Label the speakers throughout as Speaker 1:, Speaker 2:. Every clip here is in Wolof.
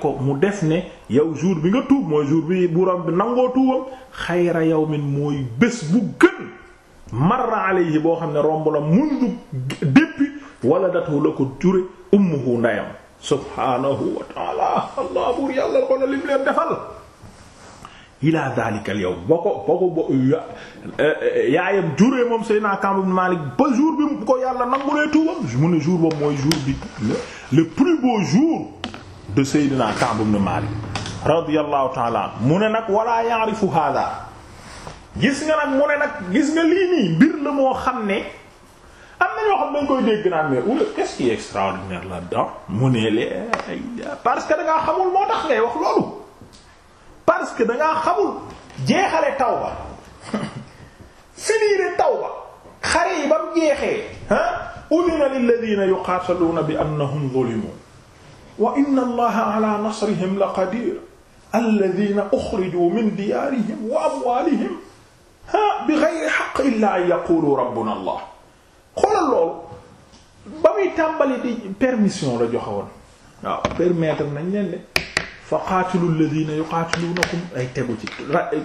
Speaker 1: ko mu def ne yow jour bi nga tuub mooy jour bi buram bi nangoo tuubam xayra yawmin mooy bés bu gën marra alayhi boo xam ne romb la mundu déppi wala datu la ko jure ummuhu ndeyam subhaanahu wa allah buur yàlla xoola lim leen defal ila daalika al yawm ko ba ko ba tuubam mu jour ba mooy jour bi le plus beau jour de Seydina Ka'b ibn Malik radiyallahu ta'ala mu ne nag wala ya'rifu hada gis nga nag mu ne nag gis nga lii nii moo xam ne am na ñoo xam dañ koy dégg naan mais oula quest extraordinaire là-dedans mu ne lee parce que da ngaa xamul moo tax ngay wax loolu parce que da ngaa xamul jeexale tawba finiire tawba xare yi ba mu jeexee ah udina lilladina yuqataluna bi annahum zulimu wa inna allaha ala nasrihim la qadir alladhina ukhrijuu min diyaarihim wa amwaalihim ha bighayri haqq illa an yaqulu rabbuna allah xoolal loolu ba muy tàmbali di permission la joxe woon waaw permettre nañ leen de fa qaatilu alladhina yuqaatiluunakum ay tegu ci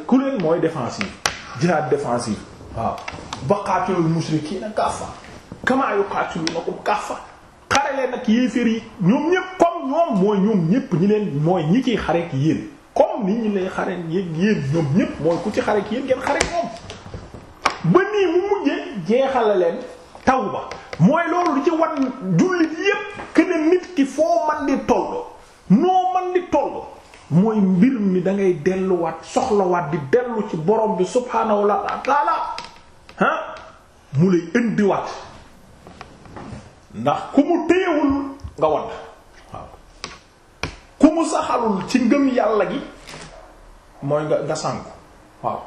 Speaker 1: ku leen mooy défensive jihaad défensive waaw ba qaatilul mushrikiina kaffa kamaa yuqaatiluunakum kaffa xare leen nag yéeféer yi ñoom ñépp comme ñoom mooy ñoom ñépp ñi leen mooy ñi ciy xarek yéen comme ni ñu lay xare yéen yéen ñoom ñépp mooy ku ci xarek yéen ngeen xarek moom ba nii mu mujjee jeexala leen taw ba mooy loolu lu ci wan jullit yépp que nit ki foo man di toll noo man di toll mooy mbir mi dangay delluwaat soxlawaat di dellu ci borom bi subhaanahu wa taala ah, mu lay indiwaat ndax ku mu téyewul nga wadd ku mu saxalul ci ngëm yàlla gi mooy nga nga sànku waaw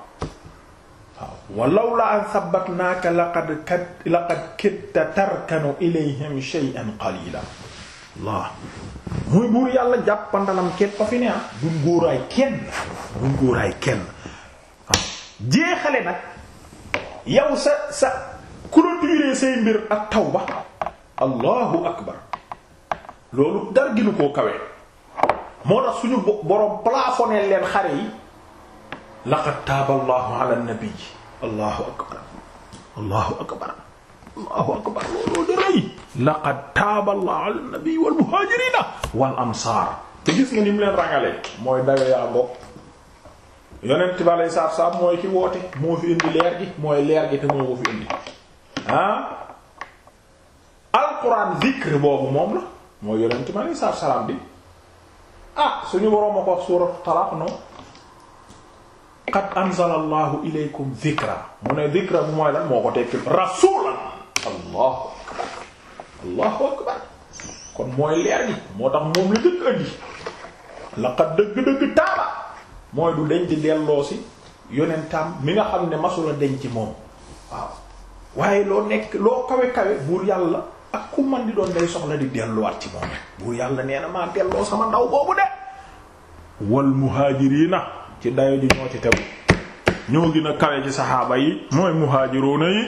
Speaker 1: waaw walaw an sabbatnaaka laqad kat laqad kitta tarkanu ilayhim shay'an qalila muy buur yàlla jàppandalam képp a fi ne ah kenn du ngóoraay kenn jeexale nag yow sa sa clôturer say mbir ak allahu akbar loolu dara ginu koo kawe moo tax suñu borom plafonné leen xare yi laqad taaba allahu ala nabi allahu akbar allahu akbar allahu akbar looloo di rëy laqad taaba allahu ala nabi wal muhajirina wal ansaar te gis nga ni mu leen rangalee mooy dayo yaa ngoog yonent bi alay saab saab mooy ki woote moo fi indi leer gi mooy leer gi te moo ko fi indi ah alquran zikr boobu moom la mooy yonent bi alay saab salaam bi ah suñu boroom a ko wax suuratu talaq non qad anzala allahu ilaykum dhikra mu ne dhikra bu mooy lan moo ko tekki rasulan allahu akbar allahu akbar kon mooy leer gi moo tax moom la dëkk andi laqad dëgg-dëgg taaba mooy du deñ di delloo si mi nga xam ne masula deñ ci moom waaw waaye loo nekk loo kawe kawe buur yàlla ak ku man di doon day soxla di delluwaat ci moom rek yàlla nee na maa delloo sama ndaw boobu de wal muhaajiriina ci dayo ji ñoo ci tegu ñoo gën a ci saxaaba yi mooy muhaajiruuna yi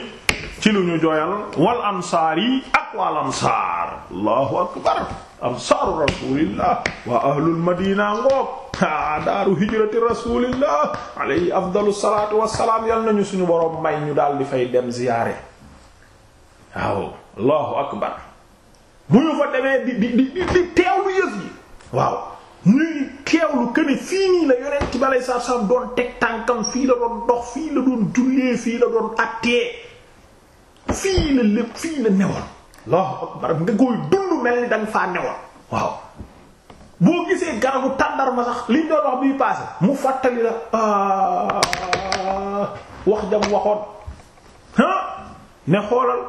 Speaker 1: ci lu ñu joyal wal ansaar yi ak wal ansaar allahu akbar ansaaru rasulillah wa ahlul madina ngoog daaru hijrati rasulillah yal nañu suñu boroom may ñu daal di fay dem ziyaare waaw allahu akbar bu ñu fa demee di di di di teewlu yëf yi waaw ñuy teewlu que ne fii nii la yonent bi aleyhi doon teg tànkam fii la doon dox fii la doon jullee fii la doon attee fii la lépp fii la newoon allahu akbar nga koy dund mel ni da faa newoon waaw boo gisee garabu tàndar ma sax liñ doon wax bii passé mu fàttali la ah, wax jam waxoon ah ne xoolal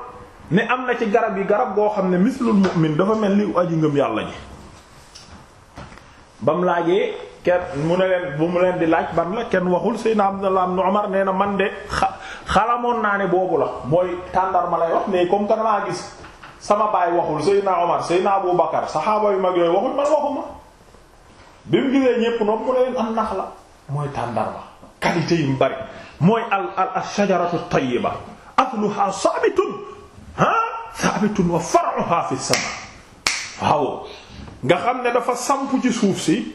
Speaker 1: ne am na ci garab yi garab goo xam ne mislul mu'min dafa mel ni aji ngëm yàlla ji ba mu laajee kenn mu ne leen bu mu leen di laaj ban la kenn waxul Seydina Abdullah ibn Umar nee na man de naa ne boobu mooy tàndar ma lay wax mais gis sama baay waxul Seydina Omar Seydina Abu Bakar saxaaba yu mag yooyu waxul man waxuma bi mu gisee ñépp noonu mu ne am nax la mooy tàndarma qualité yi mu bari mooy al al ash-shajaratu at-tayyiba asluha sabitun ah saabitun wa far'uha fi sama waaw nga xam ne dafa samp ci suuf si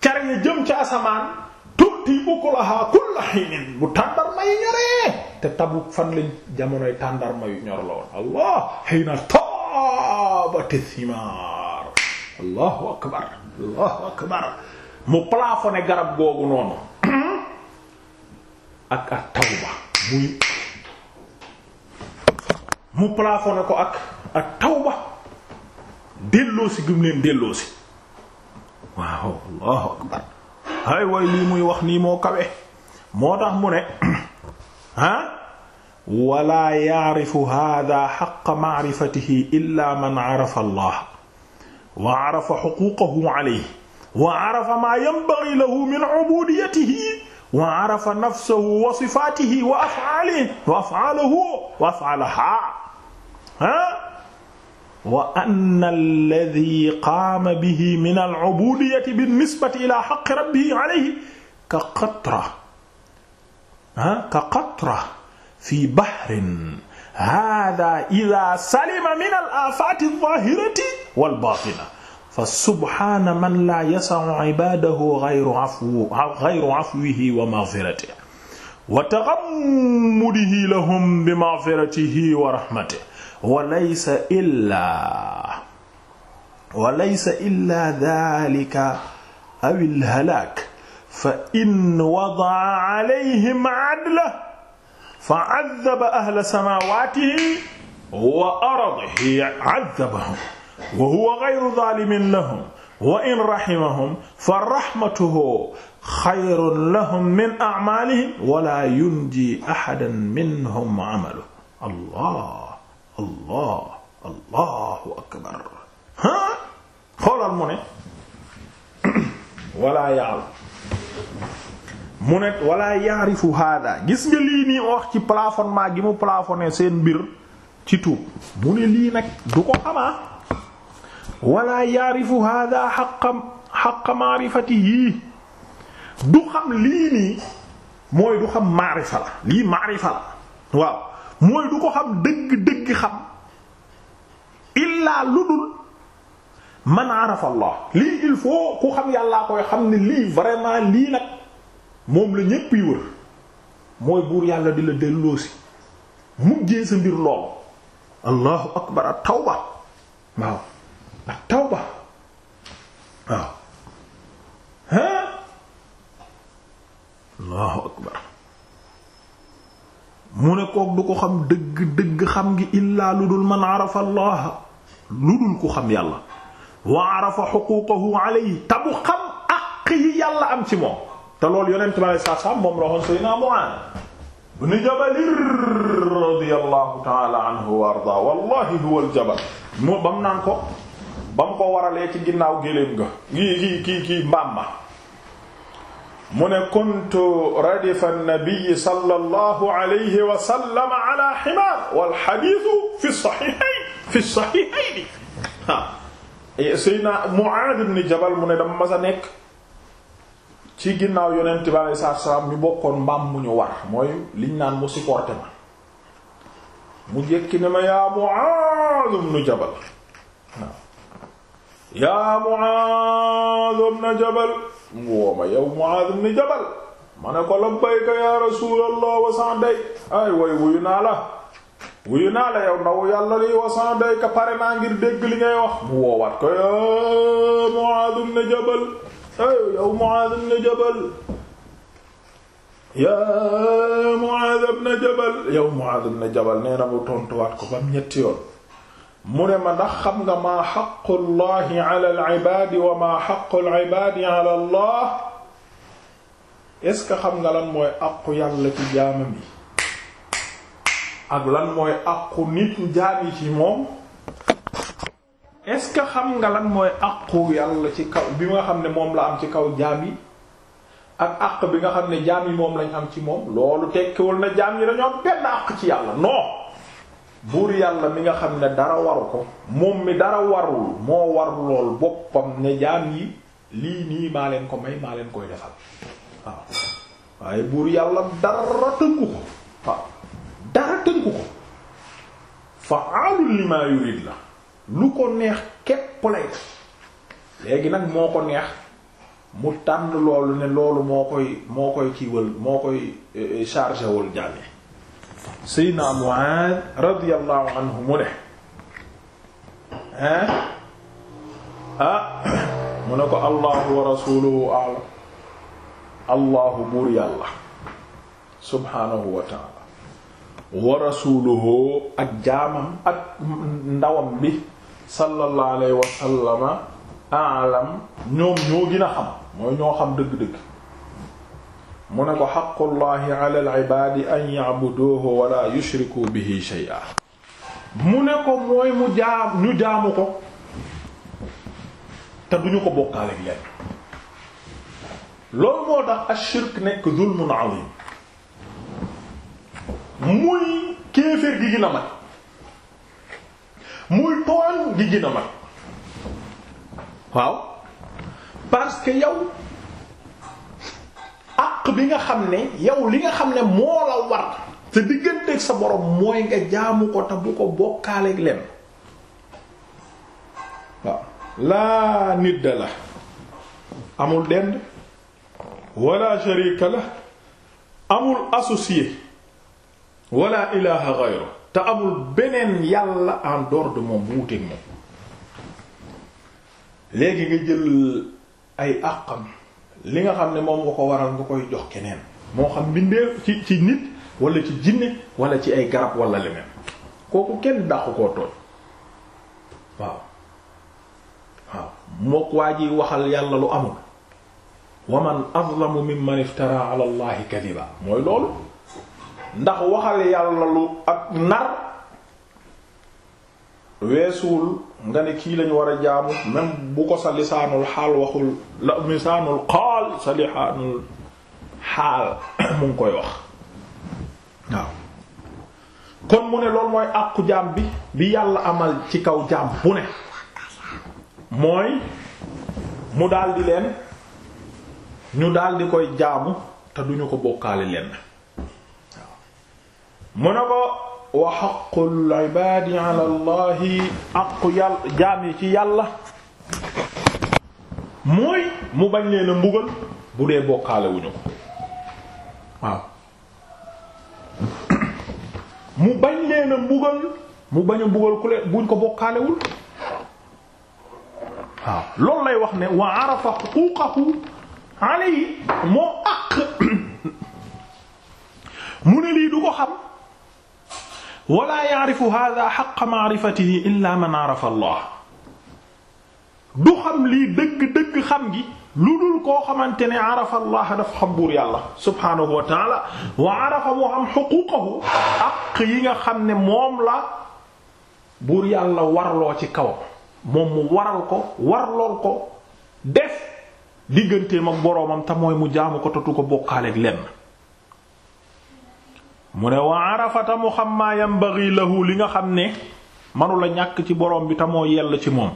Speaker 1: car ya jëm ca asamaan tuuti bu tàndarma yi ñoree te Tabuk tàndarma yu ñor la woon allah hiina taabati thimaar allahu akbar allahu akbar mu plafonné garab googu noonu hmm? ak at tawba muy mu plafonné ko ak ak tawba delloosi gum leen delloosi waaw allahu akbar ay way lii muy wax nii moo kawe moo tax mu ne ah wala yaarifu hada xaqa maarifatihi illa man arafa allah wa arafa xuquqahu alayhi wa arafa maa yanbaghi lahu min ubudiyatihi wa arafa nafsahu wa sifaatihi wa af'aalihi wa af'aalahu wa af'aalahaa ah wa anna alladhi qaama bihi min al-ubudiyyati bin-nisbati ila haqqi rabbihi alayhi ka qatra ah ka qatra fi bahrin hada ida salima min al-afaati adh-dhahirati wal-baatina fa subhaana man laa yasa'u ibaadahu ghayru afwi ghayru afwihi wa maghfiratihi wa taghammudihi lahum bi maghfiratihi wa rahmatihi wa laysa illaa wa laysa illaa daalika awil halaak fa in wada'a alayhim adla fa addaba ahla samaawaatihi wa ardihi addabahum wa huwa ghayru zaalimin lahum wa in rahimahum fa rahmatuhu xayrun lahum min a'maalihim wa laa yunji ahadan minhum amaluhu allah allah allahu akbar ah xoolal mu ne wala ya'lam mu ne wala ya'rifu hada gis nga lii nii wax ci plafonnement gi mu plafonné seen mbir ci tuub mu ne lii nag du ko xamaa wala ya'rifu hada xaqa xaqa ma'rifatihi du xam lii nii mooy du xam maarifa la lii maarifa la waaw mooy du ko xam dëgg-dëgg xam illaa lu dul man arafa allah lii il faut ku xam yàllaa koy xam ne lii vraiment lii nag moom la ñépp yi wër mooy buur yàlla di la delloosi mujjee sa mbir lool allahu akbar ak tawba waaw ak tawba waaw ha allahu akbar mu ne kook du ko xam dëgg dëgg xam ngi illaa lu dul man arafa allah lu dul ku xam yàlla wa arafa xuquuqahu alayhi te bu xam àq yi yàlla am ci moom te loolu yonent bi saa saa moom la waxoon Seydina Mu'aaz ibn Jabal radiyallahu ta'ala anhu wa ardaa wallahi huwa al-jabal moo bam naan ko bam ko waralee ci ginnaaw géléem nga kii kii kii mbaam ma mu ne kuntu radifa nnabiyi sallallahu alayhi wa sallam ala himaar wal hadiisu fi sahihayn fi sahihayn eh, Seydina Muaad ibn Jabal mu ne dama mas a nekk ci ginnaaw yonent bi alayhi salaatu salaam ñu bokkoon mbaam mu ñu war mooy liñ naan mu supporté ma mu jekki ne ma yaa Muaad ibn Jabal yaa Muaad ibn Jabal mu woo ma yow Muaaz ibn Jabal ma ne ko labbayka ya rasuulallah wa sa'day ay way wuyu naa la wuyu naa la yow ndaw yàlla li wa sa'day ka pare naa ngir dégg li ngay wax mu woowaat ko ya Muaaz ibn Jabal ay yow Muaaz ibn Jabal ya Muaaz ibn Jabal yow Muaaz ibn Jabal nee na mu tontuwaat ko bam ñetti yoon mu ne ma ndax xam nga maa xaqu llahi ala al-ibaadi wa maa xaqu al-ibaadi ala est-ce que xam nga lan mooy àqu yàlla ci jaamam yi ak lan mooy nit jaam yi ci moom est-ce que xam nga lan mooy àqu yàlla ci kaw bi nga xam ne moom la am ci kaw jaam yi ak àq bi nga xam ne jaam yi moom lañ am ci moom loolu tekkiwul na jaam yi dañoo benn àq ci yàlla non buur yàlla mi nga xam ne dara waru ko moom mi dara warul moo war lool boppam ne jaam yi lii nii maa leen ko may maa leen koy defal waaw waaye buur yàlla dara tënku ko waaw dara tënku ko fa'aalul limaa yurid la lu ko neex képp lay léegi nag moo ko neex mu tànn loolu ne loolu moo koy moo koy kiiwal moo koy eh, eh, chargé wul jàllee seydna Muaad radiyallahu anhu mu ne hein ah mu ne ko allahu wa rasuluhu a'lam allahu buur yàlla subhaanahu wa ta'ala wa rasuluhu ak jaamam ak ndawam bi sallallahu alayhi wa sallama a'lam ñoom ñoo gën a xam mooy ñoo xam dëgg-dëgg mu ne ko xaqullahi ala al-ibaadi an ya'buduhu mu ne ko mooy mu jaamu ko te duñu ko bokkaale ak leen loolu moo shirk nekk zulmun azim muy kéeféer gi gën a mag muy parce que yow bi nga xam ne yow li nga xam ne moo la war sa digganteeg sa borom mooy nga jaamu ko te bu ko bokkaaleeg leen waaw laa nit la amul dend wala sharika la amul associé wala ilaha ghayru te amul beneen yàlla en dehors moom bu wuteeg moom léegi nga jël ay àqam li nga xam ne moom nga ko waral nga koy jox keneen moo xam mbindeef ci ci nit wala ci jinne walla ci ay garab wala leneen kooku kenn dàqu koo tooñ waaw waaw mook waa ji waxal yàlla lu amul wa man azlamu mimman iftara ala allahi mooy loolu ndax waxal yàlla lu ak nar weesuwul nga ne kii lañu war a jaamu même bu ko sa lisaanul xaal waxul la lisaanul xaal sa lisaanul xaal mu ngi koy wax waaw kon mu ne loolu mooy àqu jaam bi bi yàlla amal ci kaw jaam bu ne mooy mu daldi leen ñu daldi koy jaamu te duñu ko bokkaale leen waaw mu ne ko wa xaqul ibaadi ala allahi yàlla ci yàlla mooy mu bañ leen a mbugal bu dee bokkaale ko waaw mu bañ leen a mbugal mu bañ mbugal ku leen buñ ko bokkaalewul waaw loolu lay wax ne wa arafa xuquqahu alayhi mu ne lii du ko xam wala ya'rifu hadha haqqa ma'rifatihi illa man 'arafa Allah du xam lii dëgg-dëgg xam gi lu dul koo xamante ne arafa allah dafa xam buur yàlla subhaanahu wa wa arafa moo xam yi nga xam ne moom la buur yàlla warloo ci kawam moom mu waral ko warlool ko def digganteem ak boroomam te mooy mu jaamu ko tatu ko bokkaaleeg lenn mu ne wa arafata mu xam maa yambaghi li nga xam ne manula ñàkk ci borom bi te moo yell ci moom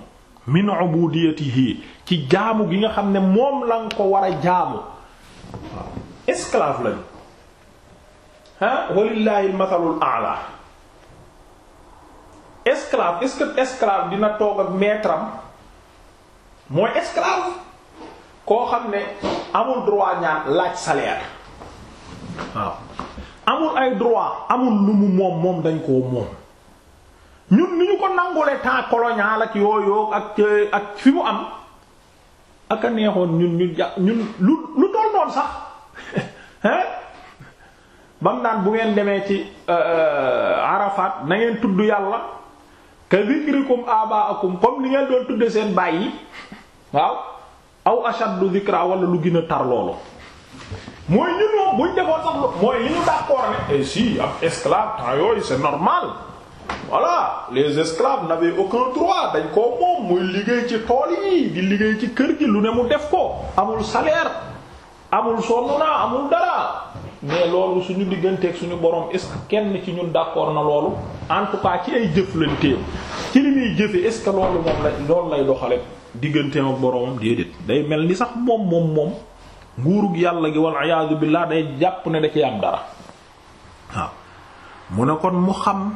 Speaker 1: min ubudiyatihi ci jaamu gi nga xam ne moom la nga ko war a jaamu waaw esclave lañu ah walillahi almathalul a'la esclave est-ce que esclave dina toog ak maître am mooy esclave koo xam ne amul droit laaj salaire waaw amul ay droit amul lu mu moom moom dañ koo moom ñun ni ñu ko nangule temps colonial ak yooyu ak ak fi mu am ak a neexoon ñun ñu ja ñun lu lu toll noonu sax hein ba mu naan bu ngeen demee ci euh, euh, Arafat na tudd yàlla ka zikrikum abaakum comme li ngeen doon tudde seen baay yi waaw aw ashaddu zikra wala lu gën a tar loolu mooy ñun moom buñ defoon sax mooy li ñu d'accord ne et eh si ab esclave temps yooyu c'est normal voilà les esclaves n'avaient aucun droit dañ koo moom muy liggéey ci tool yi di liggéey ci kër gi lu ne mu def ko amul salaire amul sonn naa amul dara mais loolu suñu digganteeg suñu borom est-ce que kenn ci ñun d'accord na loolu en tout cas ci ay jëflanteem ci li muy jëfe est-ce que loolu moom la loolu lay doxale digganteem ak boromam déedéet day mel ni sax moom moom moom nguurug yàlla gi wal iyaadu billaah day jàpp ne da ci am dara mu ne kon mu xam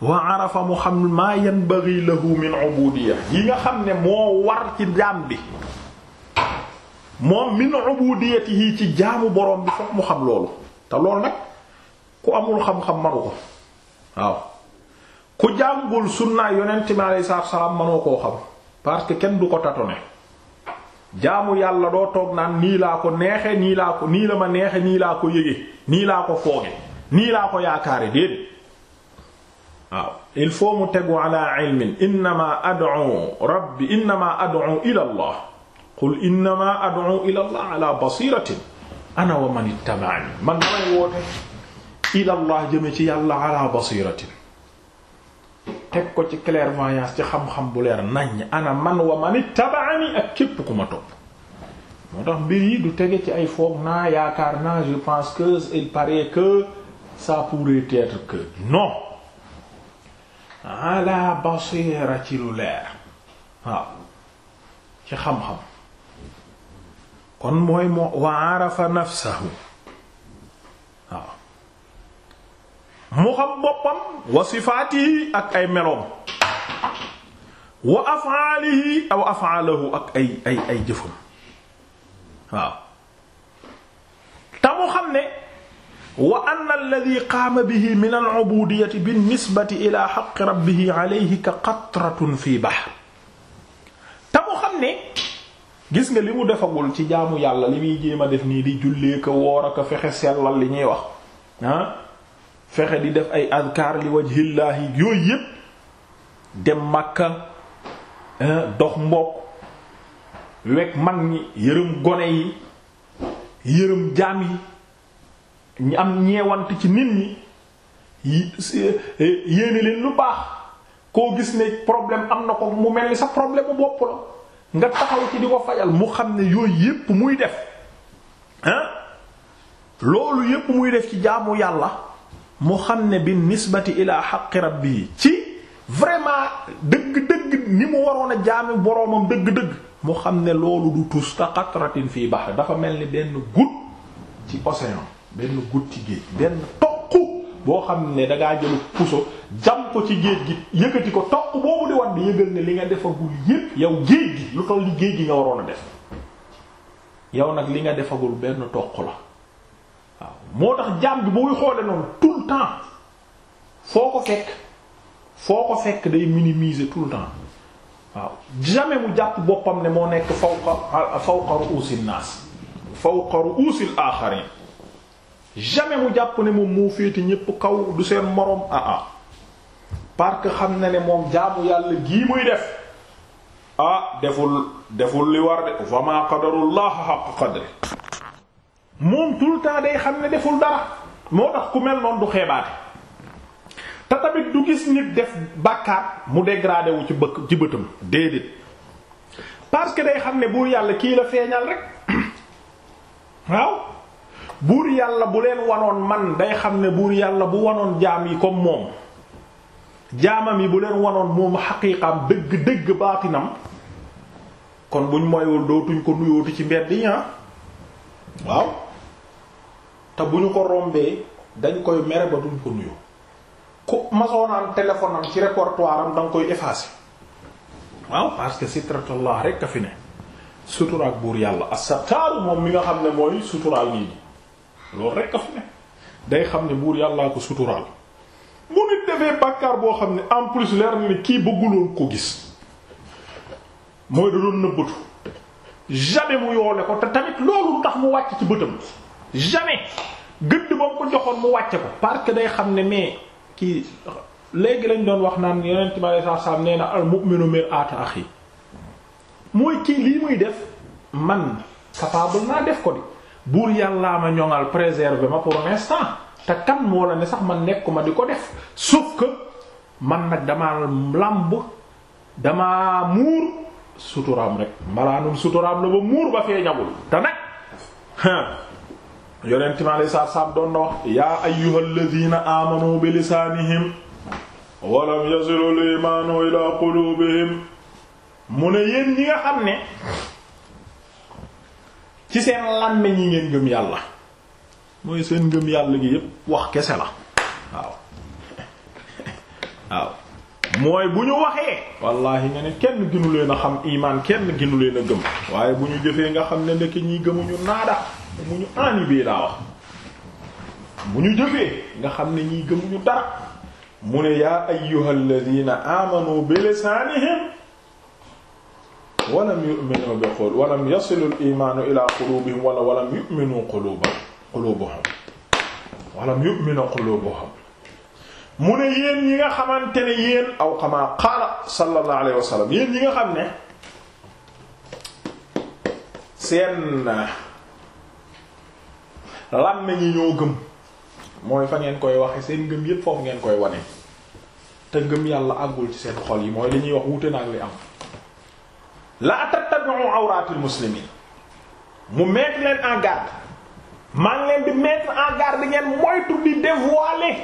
Speaker 1: wa arafa mu xam maa yanbaghi lahu min ubudiyya yi nga xam ne moo war ci jaam bi moom min ubudiyyatihi ci jaamu borom bi fokk mu xam loolu te loolu nag ku amul xam-xam manu ko waaw ku jàngul sunnaa yonent mi alayhi salaam manoo koo xam parce que kenn du ko tâtonner jaamu yàlla doo toog naan nii laa ko neexe nii laa ko nii la ma nii laa ko yëge laa ko fooge nii laa yaakaare déedéet waaw il faut mu tegu ala ilmin innama ad'u rabbi qul innama ad'u ila allah ala ci yàlla ala basiratin teg ko ci clairvoyance ci xam-xam bu leer naññ ana man wa man ittaba'ani ak képp ku ma topp moo tax mbir yi du tege ci ay foog naa yaakaar naa je pense que il paraît que ça pourrait être que non ala basira ci lu leer waaw ci xam-xam kon mooy moo wa arafa nafsahu waaw mu xam boppam wa sifaatihi ak ay meloom wa af'aalihi aw af'aalahu ak ay ay jëfam waaw te xam ne wa anna alladhi qaama bihi min al-'ubuudiyyati bin-nisbati ila haqqi rabbihi alayhi ka qatratun fi bahr te xam ne gis nga li mu defagul ci jaamu yàlla li muy jéema def nii di jullee ko fexe sellal li ñuy wax ah? fexe di def ay adkaar li wajhillaahi yooyu yépp dem Makka dox mbokk wekk mag ñi yërëm gone yi yërëm jaam yi ñi am ñeewant ci nit ñi eh, yéene leen lu baax koo gis ne problème am na ko mu mel ni sa problème bu bopp la nga taxaw ci di ko fajal mu xam ne yooyu yépp muy def loolu yépp muy def ci jaamu yàlla mu xam ne bi nisbati ilaa xaqi bii ci vraiment dëgg-dëgg ni mu waroon a jaami boroomam dëgg-dëgg mu xam ne loolu du tus ka qatratin fii bahr dafa mel ni benn goutte ci océan benn goutte ci géej benn toq boo xam ne dangaa jëlu puso jam ko ci géej gi yëkkati ko toq boobu di war di yëgal ne li nga defagul yépp yow géej gi lu toll li géej gi nga waroon a def yow nag li nga defagul benn toq la waaw moo tax jaam bi booy xoolee noonu tout le temps foo ko fekk foo ko fekk day minimiser tout le temps waaw jamais mu jàpp boppam ne moo nekk fawqa fawqa ru'usil naas fawqa ru'usil aaxarin jamais mu jàpp ne moom moo féete ñépp kaw du seen moroom ah ah parce que xam na ne moom jaamu yàlla gii muy def ah deful deful li war de wa maa qadarullah haqqa qadri moom tout le day xam ne deful dara moo tax ku mel noonu du xeebaate te tamit du gis nit def bàkkaar mu dégradé wu ci bëkk ci bëtam déedéet parce que day xam ne buur yàlla kii la feeñal rek waaw buur yàlla bu leen wanoon man day xam ne buur yàlla bu wanoon jaam yi comme moom jaamam yi bu leen wanoon moom xaqiiqaam dëgg dëgg baatinam kon buñ moywul dootuñ ko nuyooti ci mbedd yi ah. waaw te bu ñu ko rombee dañ koy mere ba duñ ko nuyu ku masoon am téléphone ci répertoire am da nga koy effacer waaw parce que sitratullah rek a fi ne buur yàlla as-sattaaru moom mi nga xam ne mooy suturaal nit loolu rek a fi ne day xam ne buur yàllaa ko suturaal mu nit defee bàkkaar boo xam ne en plus leer na kii bëgguloon ko gis mooy da doon nëbbatu jamais mu yoole ko te tamit loolu tax mu wàcc ci bëtam jamais gëdd moom ko joxoon mu wàcce ko parce que day xam ne mais kii léegi lañ doon wax naan yonent bi alayhi salaam nee na al mu'minu mir'atu akhi mooy kii lii muy def man capable naa def ko di buur yàllaa ma ñoŋal préserver ma pour l'instant te kan moo la ne sax man nekkuma di ko def sauf que man nag damaa làmb damaa muur suturaam rek mbalaanum suturaam la ba muur ba fee ñagul te nag yonent mi alei saatu salaam doon na wax yaa ayyuhal ladina amanu bi lisaanihim walam yasilul imaanu ila qulubihim mu ne yéen ñi nga xam ne ci seen làmmiñ yi ngeen gëm yàlla mooy seen ngëm yàlla gi yépp wax kese la waaw waaw mooy bu ñu waxee wallaahi nga ne kenn ginu leen a xam imaan kenn ginu leen a gëm waaye bu ñu jëfee nga xam ne nekk ñi gëmuñu naada bu ñu enibee daa wax bu ñu jëfee nga xam ne ñiy gëmuñu dara mu ne yaa ayyuhal ladina amanu bi lisaanihim walam yu'minu bi qul walam yasilu al wala walam yu'minu quluba qulubuhum walam yu'minu mu ne yéen ñi nga xamante ne yéen aw kama qaala sallallahu alayhi wa sallam nga xam ne seen làmmiñ yi ñoo gëm mooy fa ngeen koy waxe seen ngëm yépp foofu ngeen koy wane te ngëm yàlla àggul ci seen xol yi mooy li ñuy wax wuute naag li am la tattabi'u awratil muslimin mu mettre leen en garde maa ngi leen di mettre en ngeen moytu di dévoiler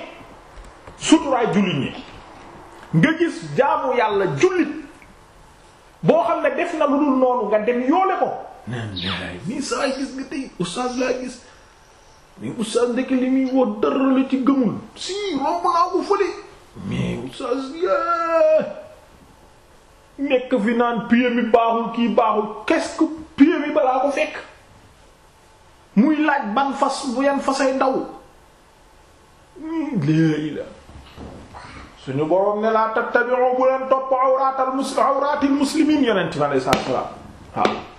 Speaker 1: suturaay jullit ñi nga gis jaamu yàlla jullit boo xam ne def na lu dul noonu nga dem yoole ko naan laay nii saa gis nga tey oustaz laa gis mais oustaz ndekk li muy woo dara la ci gëmul si romb naa ko fële mais oustaz yee eh! nekk fi naan pied mi baaxul kii baaxul qu'est-ce que mi balaa ko fekk muy laaj ban fas bu yan fasay ndaw léegi la suñu boroom ne laa tattabi'u bu leen topp awraatal mus awraatil muslimiin yonent ma ne saa salaam waaw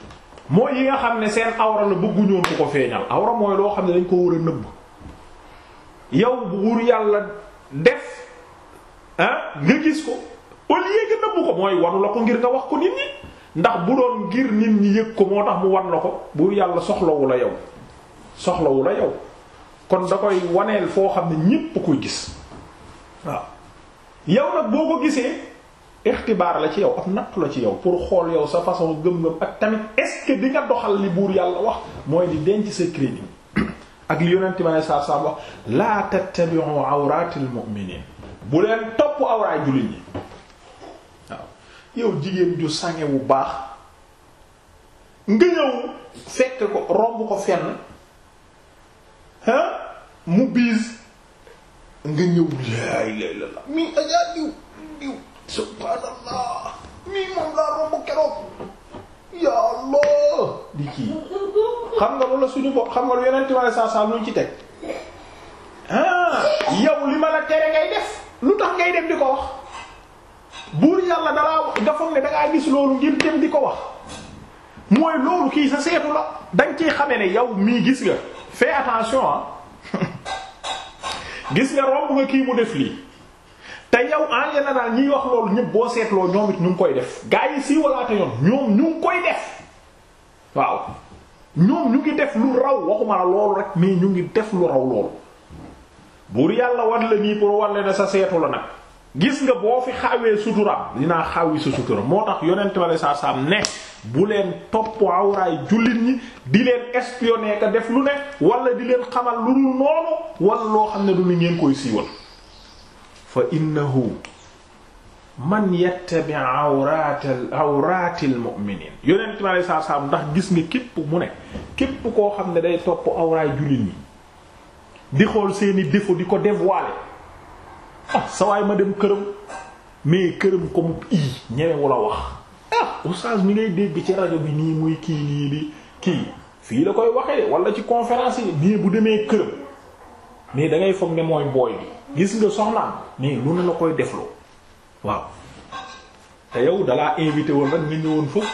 Speaker 1: mooy yi nga xam ne seen awra la bëgguñoon ku ko feeñal awra mooy loo xam ne dañ ko war a nëbb yow bu wur yàlla def ah nga gis ko au lieu nga nëbb ko mooy wanu la ko ngir nga wax ko nit ñi ndax bu doon ngir nit ñi yëg ko moo tax mu wan la ko buur yàlla soxlawu la yow soxlawu la yow kon da koy waneel foo xam ne ñépp koy gis yow nag boo ko gisee ixtibaar la ci yow ak natt la ci yow pour xool yow sa façon gëm-gëm ak tamit est-ce nga doxal li buur yàlla wax mooy di denc sa crédit ak li yonente ma saa saa wax la tattabi'u awratil mu'minin bu leen topp awraay jullit ñi waaw yow jigéen ju sange bu baax nga ñëw fekk ko romb ko fenn ah mu biis nga ñëw laay lay la la mi aja diw diw subhaanallah mii moom laa romb keroog ya di kii xam nga loolu suñu bopp xam nga lu yeneen timale saa saa luñ ci teg ah yow li ma la tere ngay def lu tax ngay dem di ko wax buur yàlla dalaa nga foog ne dangaa gis loolu ngir dem di ko wax mooy loolu kii sa seetu la dañ ciy xame ne yow mii gis nga fais attention ah gis nga romb nga kii mu def lii te yow en général ñiy wax loolu ñëpp boo seetloo ñoom it ñu ngi koy def gars yi sii walaata yoon ñoom ñu ngi koy def waaw ñoom ñu ngi def lu raw waxuma la loolu rek mais ñu ngi def lu raw loolu buur yàlla wan la nii pour wan la ne sa seetu la nag gis nga boo fi xawee suturam dinaa xawi sa suturam moo tax yonent ma la saa ne bu leen topp awraay jullit ñi di leen espionner ka def lu ne wala di leen xamal lu dul noonu wala loo xam ne du ni ngeen koy fa innahu man yattabi awratal awratil mu'minin yonent mi alei satu salaam ndax gis nga képp mu ne képp koo xam ne day topp awraay jullit ñi di xool seeni défaut di ko dévoiler ah sa ma dem këram mais këram comme ii ñemewu la wax ah oustaz mi ngay dégg ci rajo bi nii muy kii nii di kii fii la koy waxee wala ci conférence yi nii bu demee këram mais da ngay foog ne mooy mbooy bi gis nga soxnaam mais lu ne la koy defloo waaw te yow dalaa invité woon rek nga ñëwoon foofu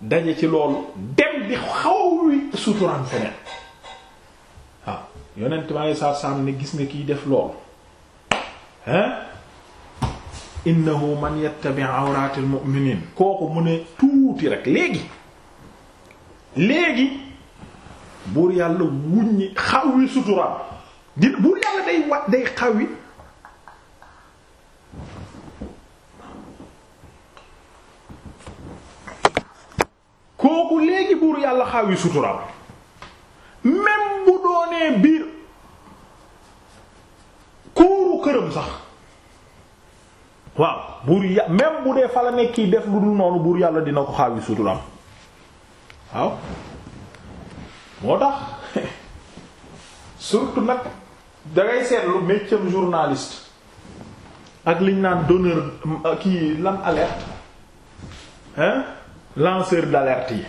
Speaker 1: daje ci loolu dem di xaw suturaan feneen waaw yonent ma lay saar saam ne gis nga kiy def loolu hein innahu man yattabi awratil mu'minin kooku mu ne tuuti rek léegi léegi buur yàlla wuññi xaw wi suturaan di buur yàlla day wat day xawi kooku léegi buur yàlla xawi suturaam même bu doonee biir kuuru këram sax waaw buur yà même bu dee fa la nekk yi def lu dul noonu buur yàlla dina ko xawi suturaam waaw moo tax surtout nag dangay seetlu métier journaliste ak liñ naan donneur kii lan alerte hein lanceur d'alerte yi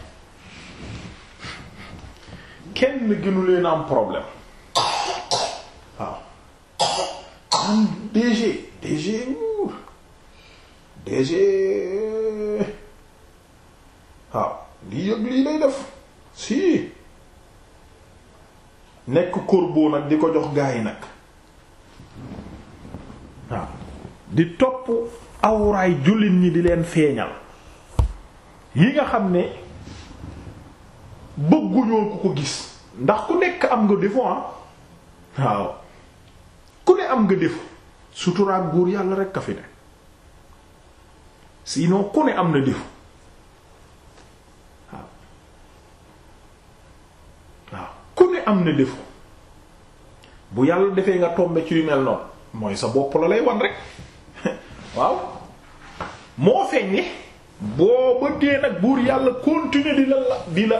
Speaker 1: kenn gënu leen am problème waaw am DG DG Nour DG waaw lii yëg lii lay def si nekk corbeau nag di ko jox gaa yi nag waaw di topp awraay jullit ñi di leen feeñal yi nga xam ne bëgguñoo ku ko gis ndax ku nekk am nga defu ah waaw ku ne am nga defu suturaak góor yàlla rekk a fi ne sinon ku ne am na defu ne am na défaut bu yàlla defee nga tombe ci yu mel noonu mooy sa bopp la lay wan rek waaw moo feeñ ne boo bëggee nag buur yàlla continuer di la la di la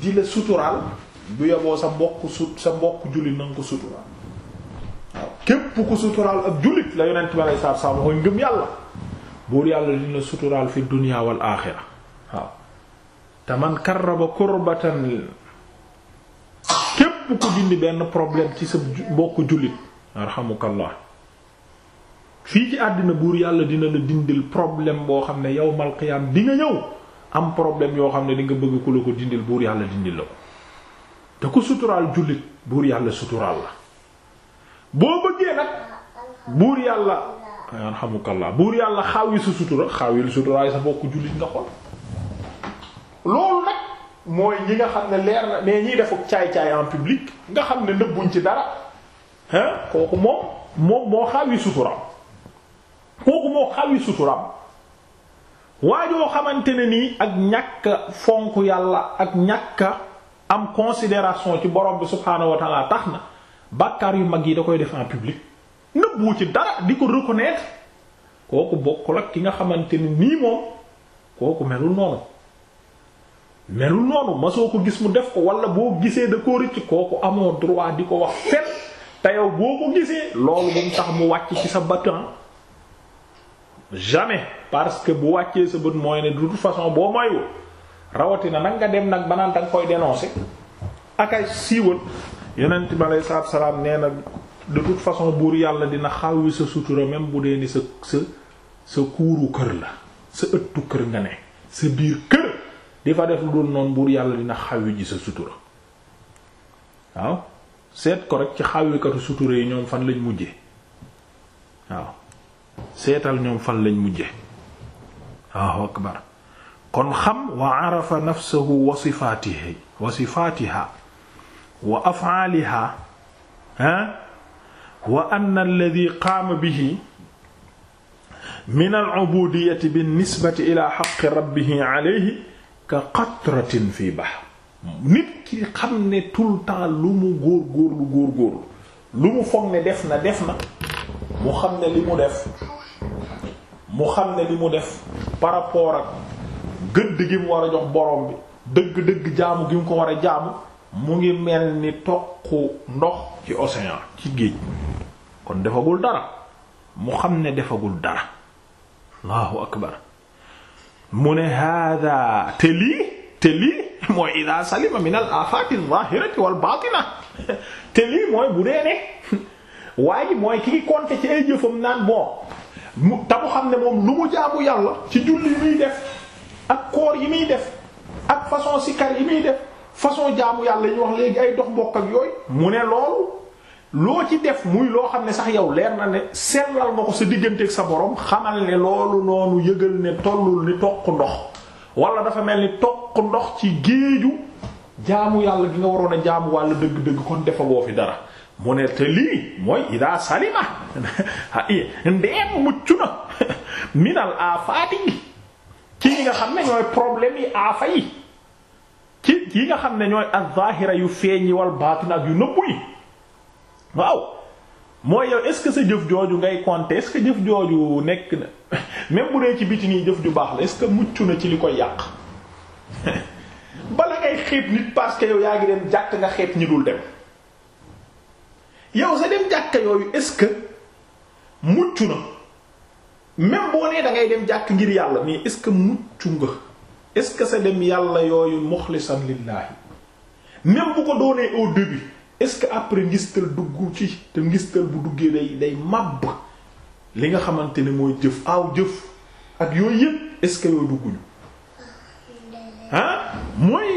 Speaker 1: di la suturaal bu yoboo sa mbokk sut sa mbokk jullit na nga ko suturaal waaw képp ku suturaal ak jullit la yonent bi alayhi salaatu salaam mooy ngëm yàlla buur yàlla dina suturaal fi dunya wal aaxira waaw te man karraba kurbatan képp ku dindi benn problème ci sa mbokku jullit arhamukallah fii ci àddina buur yàlla dina la dindil problème boo xam ne yawmal qiyaam di nga ñëw am problème yoo xam ne di nga bëgg ku la ko dindil buur yàlla dindil la ko te ku suturaal jullit buur yàlla suturaal la boo bëggee nag buur yàlla arhamukallah buur yàlla xaaw yi sa sutura xaaw yi sa mbokku jullit nga xol loolu nag mooy ñi nga xam ne leer na mais ñiy defuk caay-caay en public nga xam ne nëbbuñ ci dara hein kooku moom moom moo xawi suturam kooku moo xawi suturam waajoo xamante ne nii ak ñàkk fonk yàlla ak ñàkk am consideration ci borom bi subhaanahu wa tax na bàkkaar yu mag yi da koy def en public nëbbu ci dara di ko reconnaître kooku bokkul ak ki nga xamante ni nii moom kooku melul noonu melul noonu soo ko gis mu def ko wala boo gisee da koo rëcc kooku amoo droit di ko wax fet te yow boo ko gisee loolu bu mu tax mu wàcc ci sa batan ah. jamais parce que bu wàccee sa bët mooy ne de toute façon boo moywul rawatina nag nga dem nag banaan danga koy dénoncer ak ay siiwal yonent bi sa salaatu salaam nee na de façon buur yàlla dina xawwi sa sutura même bu dee ni sa sa sa kuuru kër la sa ëttu kër nga ne sa biir kër di fa def lu dul noonu yàlla dina xawi ji sa sutura waaw seet ko rek ci xawikatu sutura yi ñoom fan lañ mujje waaw seetal ñoom fan lañ mujje waaw akbar kon xam wa arafa nafsahu wa sifaatihi wa sifaatiha wa af'aaliha ha wa anna alladhi qaama bihi min al-'ubuudiyyati bin nisbati ila haqqi rabbihi alayhi ka qatratin fii bahr nit ki xam ne tout le temps lu mu góor góorlu góor góorlu lu mu foog ne def na def na mu xam ne li mu def mu xam ne li mu def par rapport ak gëdd gi mu war a jox borom bi dëgg-dëgg jaamu gi mu ko war a jaamu mu ngi mel ni toq ndox ci océan ci géej kon defagul dara mu xam ne defagul dara allahu mu ne hada te lii te lii mooy ida salima min al afati adh-dhahirati wal batina te lii mooy bu dee ne waa ji mooy ki compter ci ay jëfam naan bon mu ta mu xam ne moom lu mu jaamu yàlla ci julli yi muy def ak koor yi muy def ak façon sikar yi muy def façon jaamu yàlla yi ñu wax léegi ay dox mbokk ak yooyu mu ne loolu loo ci def muy loo xam ne sax yow leer na ne sellal nga ko sa digganteeg sa boroom xamal ne loolu noonu yëgal ne tollul ni toq ndox wala dafa mel ni toq ndox ci géeju jaamu yàlla gi nga waroon a jaamu wàlla dëgg-dëgg kon defa woo fi dara mu ne te lii mooy ida salima ndeem mucc na minal aafaati ci yi nga xam ne ñooy problème yi aafa yi ci yi nga xam ne ñooy az-zaahira yu feeñ yi wal baatin ak yu nëbbu yi waaw mooy yow est-ce que sa jëf jooju ngay compter est que jëf jooju nekk na même bu dee ci biti nii jëf ju baax la est-ce mucc na ci li koy yàq bala ngay xeeb nit parce que yow yaa ngi dem jàkk nga xeeb ñi dul dem yow sa dem jàkka yooyu est-ce que mucc na même boo nee da ngay dem jàkk ngir yàlla mais est-ce que mucc nga est-ce que sa dem yàlla yooyu muxlisan lillaahi même bu ko doonee au début. est-ce que après ngistal dugg ci te ngistal bu duggee day day màbb li nga xamante ne mooy jëf aw jëf ak yooyu yépp est-ce que yooyu dugguñu mooy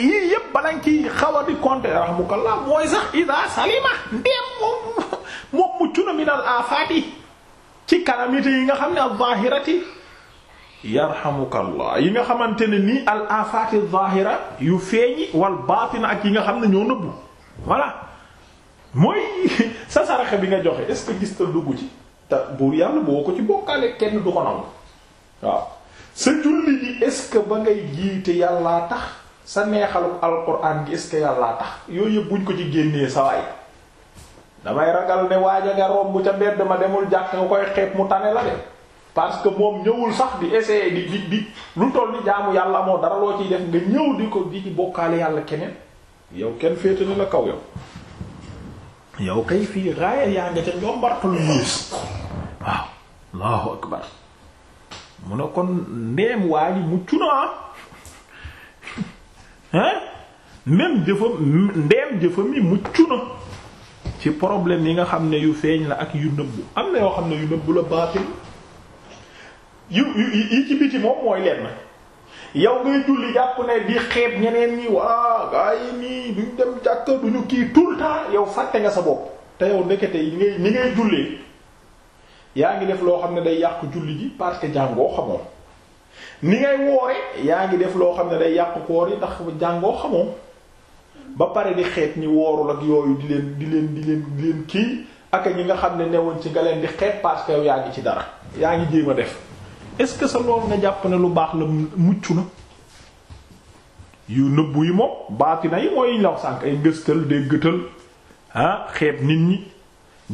Speaker 1: yii yépp balañ ci xaw a di compter rahmukallah mooy sax ida salima ndéem moom moom muccu na minal ci calamité yi nga xam ne az-zahirati yi nga xamante ne nii al afaati yu feeñi wal na ak yi nga xam ne ñoo nëbbu voilà mooy sa saraxe bi nga joxe est-ce que gis ta dugg ci te buur yàlla boo ko ci bokkaale kenn du ko nangu waaw sa julli gi est-ce que ba ngay jiite yàllaa tax sa neexalu alquran gi est-ce tax yooyu yëpp buñ ko ci génnee sa waay damay ragal ne waaj a nga romb ca mbedd ma demul jàkk nga koy xeeb mu tane la de parce que moom ñëwul sax bi essayer di di bi lu toll ni jaamu yàlla moo dara loo ciy def nga ñëw di ko di ci bokkaale yàlla keneen yow kenn féete na la kaw yow yow kay fii raaya yaa nga ca njombartalu yées waaw allahu akbar mu ne kon ndeem waa ji mucc na am ah. hein même jëfam ndeem jëfam yi mucc na ci problème yi nga xam ne yu feeñ la ak yu nëbbu am na yoo xam ne yu nëbbu la baatin yu yi ci biti moom mooy leen na yow ngay julli jàpp ne di xeeb ñeneen ñi waa gaa nii duñ dem jàkka duñu kii tout le temps yow fàtte nga sa bopp te yow ndekete yi ngay ni ngay jullee yaa ngi def loo xam ne day yàqu julli ji parce que jàngoo xamoo ni ngay yaa ngi def loo xam ne day yàq koor yi ndax jàngoo ba pare di xeet ñi woorul ak yooyu di leen di leen di leen di leen kii ak ñi nga xam ne newoon ci nga leen di xeet parce que yow ci dara yaa ngi jéem a def est-ce que sa lool nga jàpp ne lu baax la mucc na yu nëbbu yi moom baatina yi mooy law sànk ay gëstal déggatal ah nit ñi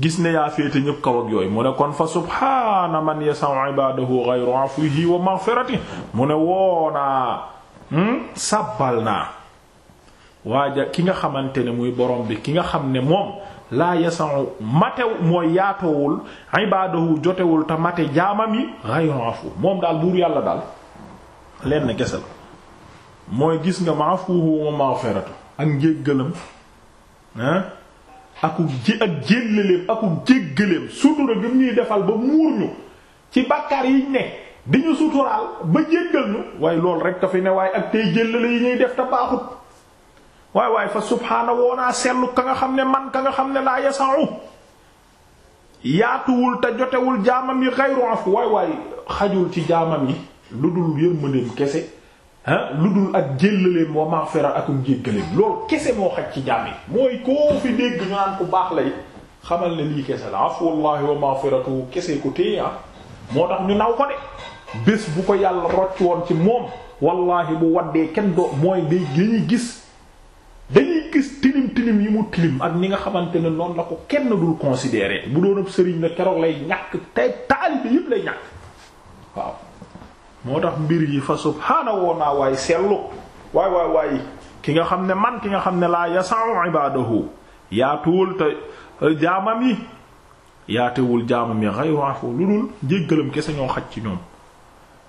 Speaker 1: gis ne yaa féete ñëpp kaw yooyu mu ne kon fa subhaana man yasa'u ibadahu ghayru afwihi wa maghfirati mu ne woonaa hmm, sàbbal naa waaja ki nga xamante ne muy borom bi ki nga xam ne moom laa yasaxu matew mooy yaatoowul ibaadahu jotewul te mate jaamam yi ghayru moom daal buur yàlla daal lenn kese la mooy gis nga maafuhu wa maghfiratu ak njéggalam ah aku ji jéggaleem sutura gëm ñuy defal ba muur ñu ci bàkkaar yi ne di ñu suturaal ba jéggal ñu waaye loolu rek ka fi ne waaye ak tey jéllale yi ñuy def te baaxut waay waay fa subhaana woonaa sellu ka nga xam ne man ka nga xam ne laa yasaxu yaatuwul te jotewul jaamam yi xayru afu waay waay xajul ci jaamam yi lu dul yërmandeem kese lu dul ak jéllaleem wa maghfira akum jéggaleem loolu kese moo xaj ci jaam yi mooy koo fi dégg ñu ku baax lay xamal ne lii kese la afuwallaahi wa maghfiratu kese ko téye moo tax ñu naw ko de bés bu ko yàlla rocc woon ci moom wallaahi bu waddee kenn doo mooy day gis dañuy gis tilim tilim yi mu tilim ak ni nga xamante ne noonu la ko kenn dul considérer bu doon sëriñ la keroog lay ñàkk tey taalibe yépp lay ñàkk waaw moo tax mbir yi fa subhaanahu wa naa sellu waay waay waay ki nga xam ne man ki nga xam ne laa yasa'u ibadahu yaatuwul te eh, jaamam yi yaatewul jaamam yi ghayru lu dul jéggalam kese ñoo xaj ci ñoom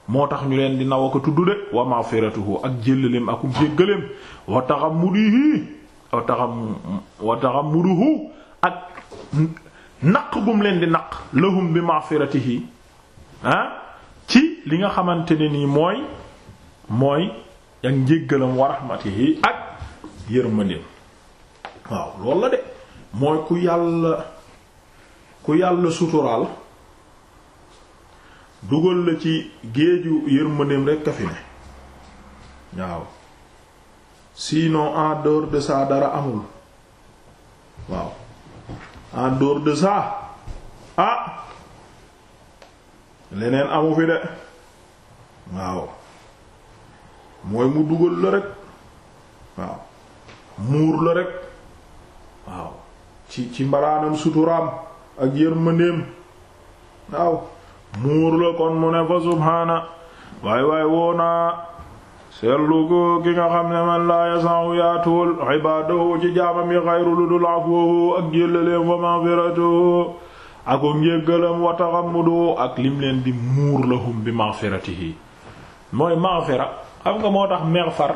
Speaker 1: moo tax ñu leen di naw a ko tudd de wa maghfiratuhu ak jëllalim ak jéggalam wa taxammudihi wa taxam wa taxammuduhu ak naq gum leen di naq lahum bi maghfiratihi ah ci li nga xamante ne nii mooy mooy ak njéggalam wa rahmatihi ak yërmandeem waaw loolu la de mooy ku yàlla ku yàlla suturaal dugal la ci géeju yërmandeem rekk a fi ne waaw sinon en dehors de ça dara amul waaw en dehors de ça ah leneen amu fi de waaw mooy mu dugal la rek waaw muur la rek waaw ci ci mbaraanam suturaam ak yërmandeem waaw muur la kon mu ne fa subhaana waay waay woonaa seetlu ko ki nga xam ne man laa yasahu yaatuwul ibaadahu ci jaamam yi xayru lu dul afwahu ak jéllaleem wa maghfiratuhu ak njéggalam wa taxammudu ak lim leen di muur lahum bi maghfiratihi mooy maghfira xam nga moo tax meghfar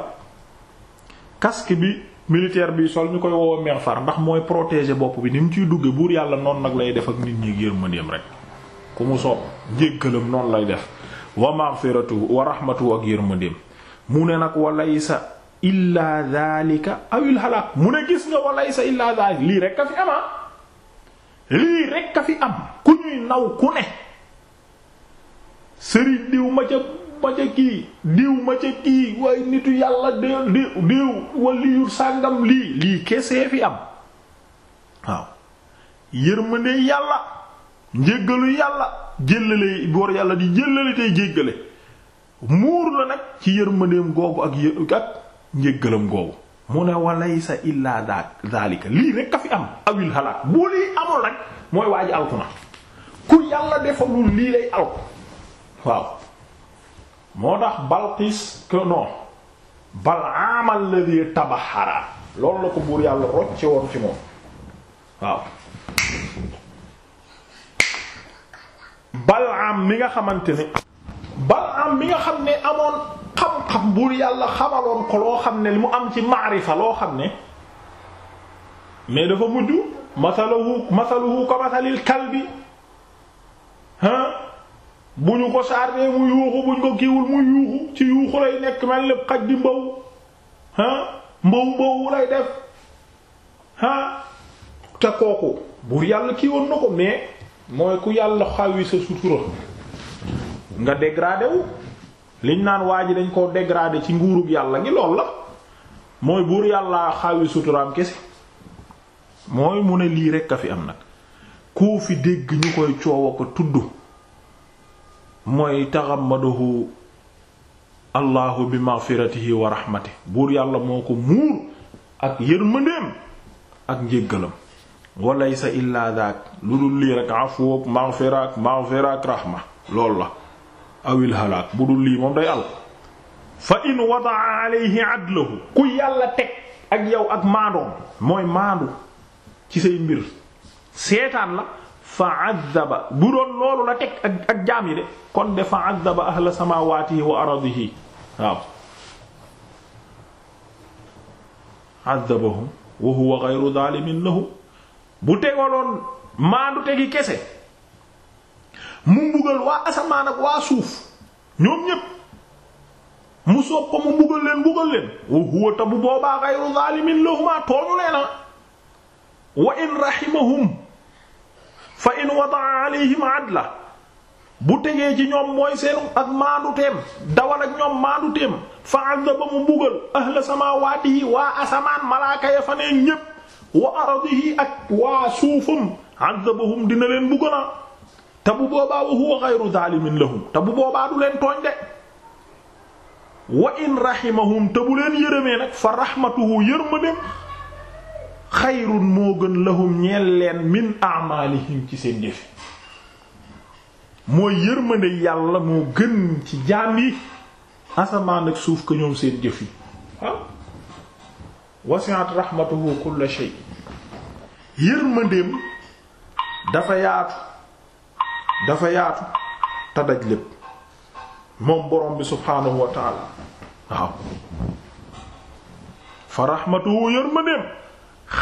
Speaker 1: casque bi militaire bi sol ñu koy woowa meghfar ndax mooy protéger bopp bi ni mu ciy dugge buur yàlla noonu nag lay def ak nit ñi yërmandeem rek ku mu soob njéggalam noonu lay def wa maghfiratuhu wa rahmatuhu ak yërmandeem mu ne nag walaysa illaa dhalika awil halaak mu ne gis nga walaysa illaa dhalika lii rek a fi am ah. lii rek a fi am ku ñuy naw ku ne sëriñ diw ma ca kii diw ma ca kii waaye nitu yàlla déew déew waliyul sàngam lii lii kesee fi am waaw yërmande yàlla njéggalu yàlla jéllale boor yàlla di jéllale tey jéggale muur la nag ci yërmandeem googu ak yë ak njëggalam googu mu ne sa illaa daalika lii rek ka fi am awil halaak boo lii amul nag mooy waa ji alku na ku yàlla defalul lii lay alku waaw moo tax balqis que non bal la di tabaxara loolu la ko buur yàlla rocce woon ci moom waaw balaam mi nga xamante ni Balaam mi nga xam ne amoon xam-xam buur yàlla xamaloon ko loo xam ne li mu am ci maarifa loo xam ne mais dafa mujj masaluhu masaluhu ko masalil kalbi hein bu ñu ko saaree mu yuuxu bu ñu ko kiiwul mu yuuxu ci yuuxu lay nekk mel lépp xaj di mbaw hein mbaw mbaw lay def hein te kooku buur yàlla kii woon na ko mais mooy ku yàlla xawi sa sutura nga dégradé liñ naan waa ji dañ koo dégradé ci nguurug yàlla gi lool la mooy buur yàllaa xawi suturaam kese mooy mu ne lii rekk a fi am nag ku dégg ñu koy coow a ko tudd mooy taxamadahu allahu bi maghfiratihi wa rahmati buur yàlla moo ko muur ak yërmandeem ak njéggalam walaysa illaa daak lu dul lii rek afuwak maghfiraak maghfiraak rahma loolu la awil halaak bu dul lii moom day àll fa in wadaa alayhi adlahu ku yàlla teg ak yow ak maandoom mooy maandu ci say mbir seetaan la fa àddaba bu doon loolu la teg ak ak jaam yi de kon de fa àddaba ahla samaawaatihi wa aradihi waaw àddabahum wa huwa ghayru zalimin lahu bu tegaloon maandu tegi kese mu mbugal waa asamaan ak waa suuf ñoom ñépp mu soog ko mu mbugal leen mbugal leen wa huwa ta bu boobaa ghayru zalimin lahuma tooñu leena wa in rahimahum fa in wada'a alayhim adla bu tegee ci ñoom mooy seen ak maandu teem dawal ak ñoom maandu teem fa adaba mu mbugal ahla samawatihi waa asamaan malaaka ya fa neen ñépp wa aradihi ak waa suufam adabahum dina leen mbugal te bu boobaa wa huwa ghayru lahum te bu boobaa du leen tooñ de wa in rahimahum te bu leen yërëmee nag fa rahmatuhu yërmandeem xayrun moo gën lahum ñeel leen min a'malihim ci seen jëf mooy yërmande yàlla moo gën ci jaam yi asamaan ak suuf ko ñoom seen jëf yi waaw wasi'at rahmatuhu kulla shay dafa yaatu dafa yaatu te daj lépp moom borom bi subhaanahu wa waaw fa rahmatuhu yërmandeem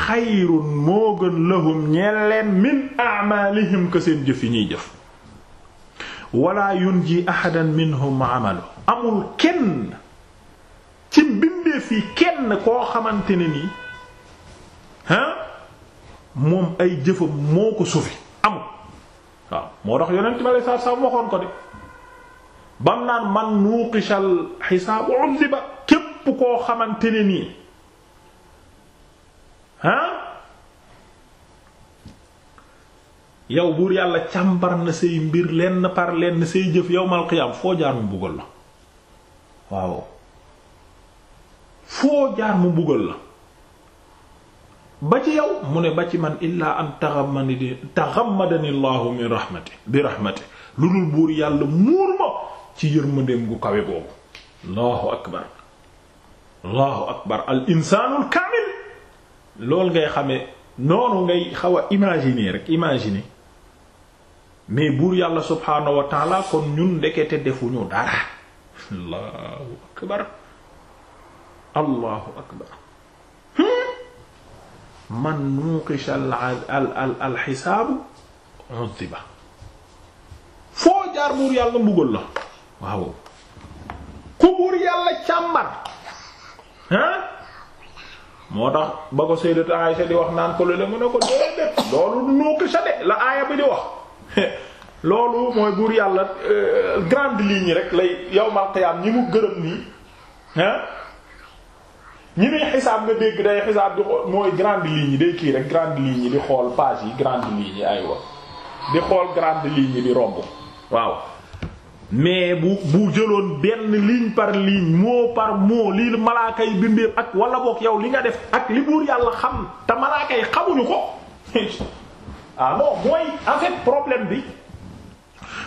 Speaker 1: xayrun moo gën lahum ñeel leen min a'malihim ka seen jëf yi ñuy jëf wala yunji ahadan minhum amul kenn ci mbindeef yi kenn koo xamante ne nii ah moom ay jëfam moo ko sufi waaw moo tax yonent bi aleyhi salaatu salaam waxoon ko de bam naan man nuuqishal xisaabu uziba képp koo xamante ni nii ah yow buur yàlla càmbar na say mbir lenn par lenn say jëf yawmal qiyaam foo jaar mu buggal la waaw foo jaar mu buggal la ba ci yow mu ne ba ci man illaa an taxammadani taxammadani llahu min rahmati bi rahmati lu dul buur yàlla muur ma ci yërmandeem gu kawe boobu allahu ngay xamee ngay xaw a imaginer rek mais buur yàlla subhaanahu wa taala kon ñun ndekete defuñu allahu akbar allahu akbar hmm? man nuuqish al al al xisaabu uddiba foo jaar buur yàlla mbugal la waaw ku buur yàlla càmbar ah moo tax ba ko Sayyidatu Aisha di wax naan ko la mu ne ko déedéet loolu nuuqish de la aaya bi di wax loolu mooy buur yàlla euh, grande ligne rek lay yawmal qiyaam ñi mu gërëm nii ah ñu muy xisaab nga dégg day xisaab di xool mooy grande ligne yi day kii rek grande ligne yi di xool page yi grande ligne yi aywa di xool grande ligne yi di romb waaw mais bu bu jëloon benn ligne par ligne mot par mot lii malaaka yi bindee ak wala boog yow li nga def ak li buur yàlla xam te malaaka yi xamuñu ko ah mooy en problème bi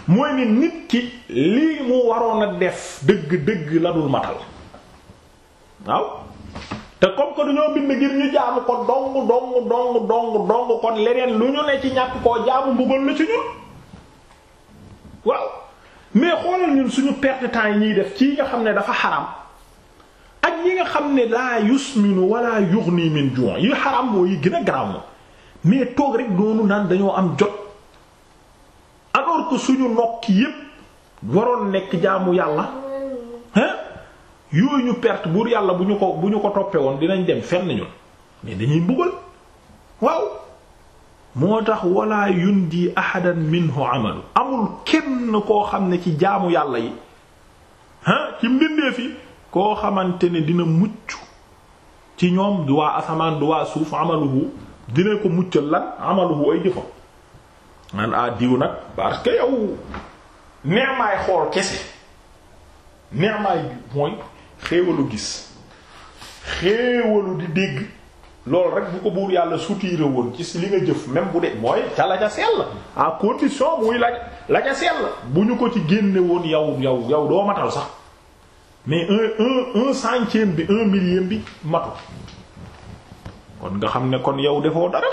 Speaker 1: mooy ni nit ki lii mu waroon a def dëgg dëgg la dul matal waaw te comme que dañoo bind ngir ñu jaamu ko dong dong dong dong dong kon leneen lu ñu ne ci ñàkk ko jaamu mbugal la ci ñun waaw mais xoolal ñun suñu perte temps yi ñuy def ci yi nga xam ne dafa xaram ak yi nga xam ne laa yusminu wala yughni min ju'in yi xaram boo yi gën a garaaw moom mais toog rek noonu naan dañoo am jot alors que suñu nokki yépp waroon nekk jaamu yàlla yooyu ñu perte buur yàlla bu ñu ko bu ñu ko toppee woon dinañ dem fenn ñun mais dañuy mbugal waaw moo tax wala yundi ahadan minhu amalu amul kenn koo xam ne ci jaamu yàlla yi ah ci mbindeef yi koo xamante ne dina mucc ci ñoom du waa asamaan du waa suuf amaluhu dina ko muccal lan amaluhu ay jëfam man a ah, diw nag parce que yow neexmaay xool kese neexmaay mooy xéewalu gis xéewalu di dégg loolu rek bu ko buur yàlla suturé woon ci li nga jëf même bu dee mooy ca la ca sell en condition muy la la bu ñu ko ci génnewoon woon yow yow yow doo matal sax mais un un un bi un millième bi matu kon nga xam ne kon yow defoo dara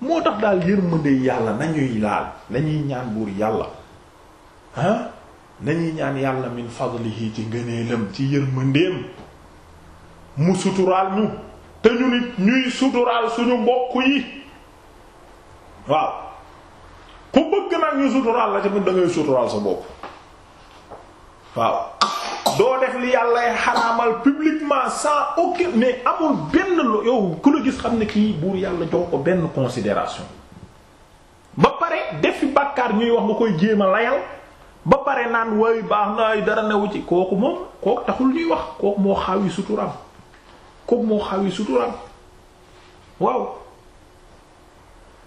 Speaker 1: moo tax daal yër yërmande yàlla nañuy laal nañuy ñaan buur yàlla ah nañuy ñaan yàlla min fadlihi ci ngëneelam ci yërmandeem mu suturaal ñu te ñu nit ñuy suturaal suñu mbokk yi waaw ku bëgg nag ñu suturaal la tamit da ngay suturaal sa bopp waaw doo def li yàllay xaraamal publiquement sans aucun mais amul benn lo yow ku la gis xam ne kii buur yàlla jox ko benn considération ba pare defi bàkkaar ñuy wax nga koy jéem a layal ba pare naan way baax na ay dara newu ci kooku moom kooku taxul ñuy wax kooku moo xawi suturaam kooku moo xawi suturaam waaw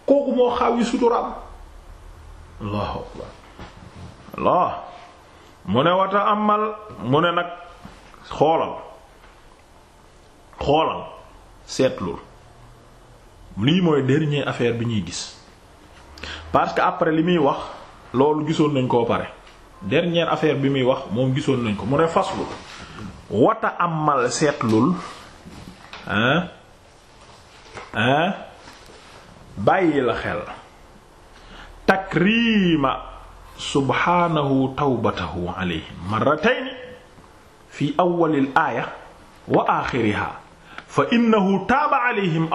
Speaker 1: kooku moo xawi suturaam allahu akbar allah mu ne wata amal mu ne nag xoolal xoolal seetlul lii mooy dernier affaire bi ñuy gis parce que après li muy wax loolu gisoon nañ koo pare dernière affaire bi muy wax moom gisoon nañ ko mu ne faslu wata amal seetlul ah ah bàyyi la xel takrima subhanahu tawbatahu alayhi marratayn fi awwalil aaya wa axiriha fa innahu taaba alayhim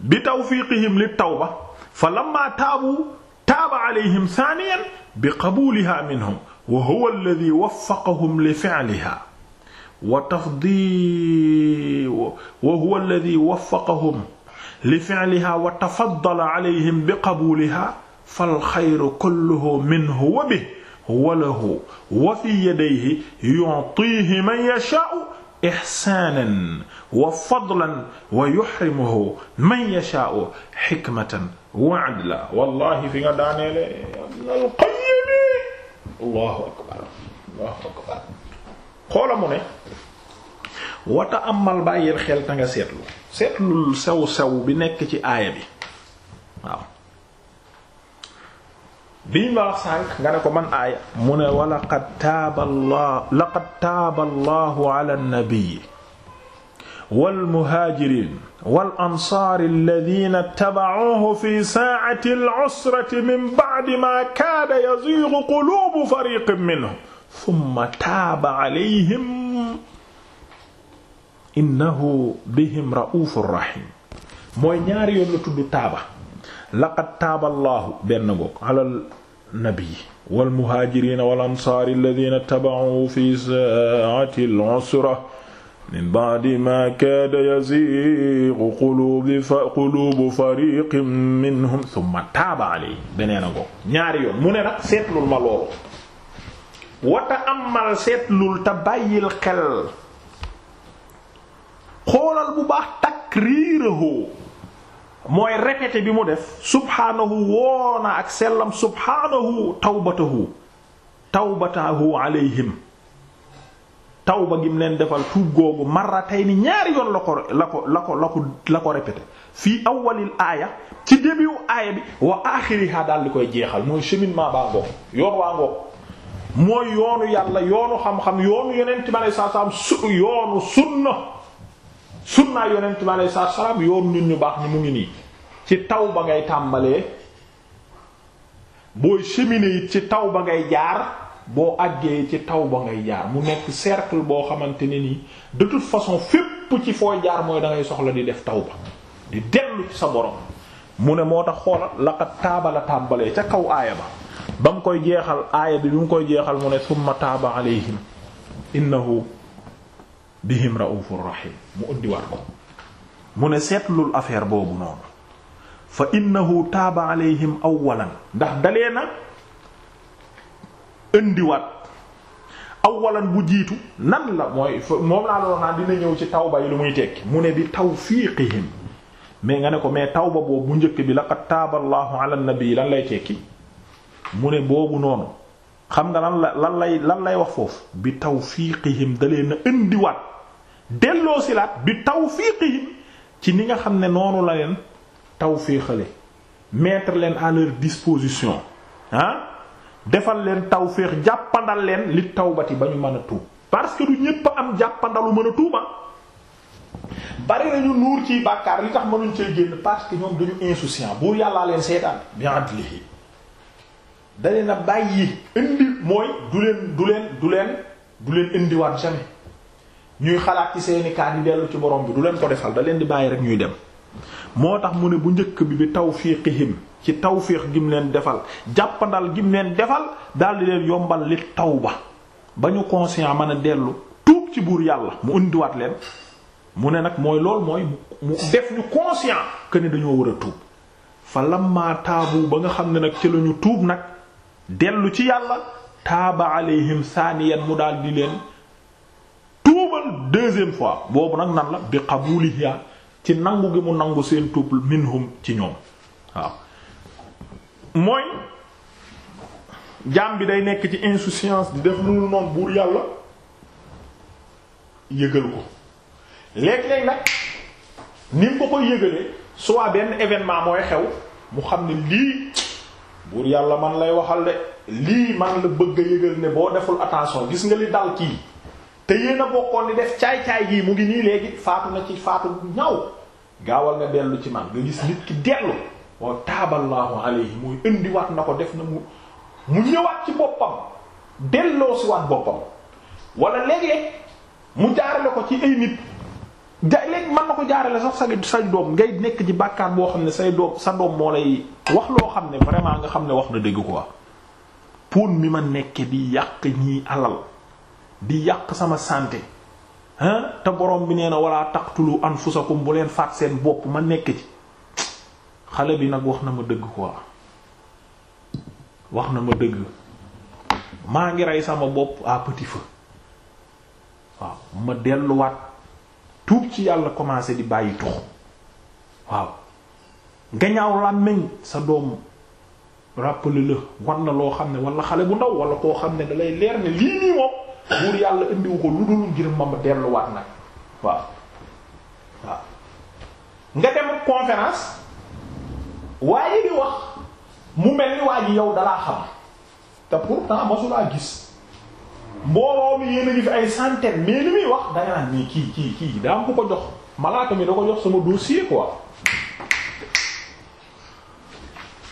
Speaker 1: bi tawfiqihim lit tawba fa lamma taabu taaba alayhim thaniyan bi qabuuliha minhum wa huwa alladhi waffaqahum li fi'liha wa tafdi wa huwa alladhi waffaqahum li fi'liha wa tafaddala alayhim bi qabuuliha fal xayru kulluhu minhu wa bihi wa lahu wa fi yadayhi yu'tiihi man yashaa'u ihsaanan wa fadlan wa yuhrimuhu man yashaa'u hikmatan waad la wallahi fi nga daaneele al qayyimi allahu akbar allahu akbar xoola mu ne wata amal bàyyil xel ta nga seetlu seetlul sew sew bi nekk ci aaya bi waaw bii nga wax sànq nga ne ko man aaya mu ne wa laqad taaba allah laqad taaba allahu ala an-nabi walmuhaajiriin wal ansaari alladiina taba'uuhu fi saa'ati al-'usrati min ba'di maa kaada yaziighu quluubu fariiqin minhum summa taaba 'alayhim innahu bihim ra'uufun rahiim mooy ñaari yoon la tudd taaba laqad taaba allaahu benn boog alal nabi wal muhaajiriina wal ansaari alladiina taba'uuhu fi saa'ati al-'usrati min ba'di ma kaada yaziiqu quluubu fariqin minhum thumma taaba alayhi beneen a ngoog ñaari yoon mu ne nag seetlul ma loolu wata amal seetlul te bàyyil xel xoolal bu baax takriirahu mooy répété bi mu def subhaanahu woona ak sellam subhaanahu tawbatahu tawbatahu alayhim taw tawba gim leen defal tuub googu marratayni ñaari yoon la ko la ko la ko la ko la fii awwalil aaya ci début aaya bi wa axiriha daal di koy jeexal mooy cheminement baa ngoog yoon waa ngoog mooy yoonu yàlla yoonu xam-xam yoonu yonent bi alei satu salaam su yoonu yonent bi alei satu salaam yoonu nit ñu baax ni mu ngi nii ci taw ba ngay tàmbalee booy cheminer it ci taw ba ngay jaar boo àggee ci taw ba ngay jaar mu nekk cercle boo xamante ne nii de façon fépp ci fooy jaar mooy da soxla di def taw ba di dellu ci sa borom mu ne moo tax xoolal laqad taaba la tàmbalee ca kaw aaya ba ba mu koy jeexal aaya bi bi mu koy jeexal mu ne summa taaba alayhim innahu bihim raufur rahim mu indiwaat ko mu ne seetlul affaire boobu noonu fa innahu taaba alayhim awwalan ndax dalee na indiwaat awalan bu jiitu nan la mooy moom laa doon naan dina ñëw ci tawba yi lu muy tekki mu ne bi tawfiqihim mais nga ne ko mais tawba boobu njëkk bi laqad taaba allahu ala nabi lan lay tekki mu ne boobu noonu xam nga lan la lan lay lan lay wax foofu bi tawfiqihim da leen a indiwaat delloo silaat bi tawfiqihim ci ni nga xam ne noonu la leen tawfiqale mettre leen à leur disposition ah defal leen tawféex jàppandal leen li tawbati ba ñu mën a tuub parce que du ñépp am jàppandalu mën a tuuba bari nañu nuur ci bàkkaar li tax mënuñ cee génn parce que ñoom dañu insouciant buur yàllaa leen seetaan bi adlihi da leen a bàyyi indi mooy du leen du leen du leen du leen indiwaat jamais ñuy xalaat ci seeni kaat yi dellu ci borom bi du leen ko defal da leen di bàyyi rek ñuy dem moo tax mu ne bu njëkk bi bi tawfiqihim ci tawfiq gim leen defal jàppandal gim leen defal daldi leen yombal li taw ba ñu conscient mën dellu tuub ci buur yàlla mu indiwaat leen mu ne nag mooy lool mooy mu def ñu conscient que ne dañoo war a tuub fa lamma taabu ba nga xam ne nag ci la tuub nag dellu ci yàlla taaba alayhim saaniyan mu daldi leen tuubal deuxième fois boobu nag nan la bi qabuliha ci nangu gi mu nangu seen tuub minhum ci ñoom waaw mooy jaam bi day nekk ci insouciance di def lu noonu buur yàlla yëgal ko léeg-léeg nag ni mu ko koy yëgalee soit benn événement mooy xew mu xam ne lii buur yàlla man lay waxal de lii man la bëgg a yëgal ne boo deful attention gis nga li dal kii te yéen na bokkoon di def caay-caay gii mu ngi nii léegi faatu na ci faatu ñaw gaawal nga dellu ci man nga gis nit ki dellu wa taaballaahu alayhi indiwaat na ko def na mu mu ñëwaat ci boppam delloo si waat boppam wala léeg mu jaarale ko ci ay nit ja léegi mën na ko jaarale sax sa sa doom ngay nekk ci bàkkaar boo xam ne say doom sa doom moo lay wax loo xam ne vraiment nga xam ne wax na dëgg quoi pon mi ma nekke di yàq ñii alal di yàq sama santé ah te borom bi nee na wala taqtulu anfusakum bu leen faat seen bopp ma nekk ci xale bi nag wax na ma dëgg quoi wax na ma dëgg maa ngi rey sama bopp a petit feu waaw ma delluwaat tuub ci yàlla commencé di bàyyi tux waaw nga ñaaw làmmiñ sa doom rappelé la war na loo xam ne wala xale bu ndaw wala koo xam ne dalay leer ne lii nii moom buur yàlla indiwu ko lu dul ngir ma delluwaat nag waaw waaw nga dem conférence waaye di wax mu mel ni waa yow dalaa xam te pourtant masulaa gis a ngi fi ay centaines mais li muy wax da nga naan nii kii kii kii daa am ku ko jox malaaka mi da ko jox sama dossier quoi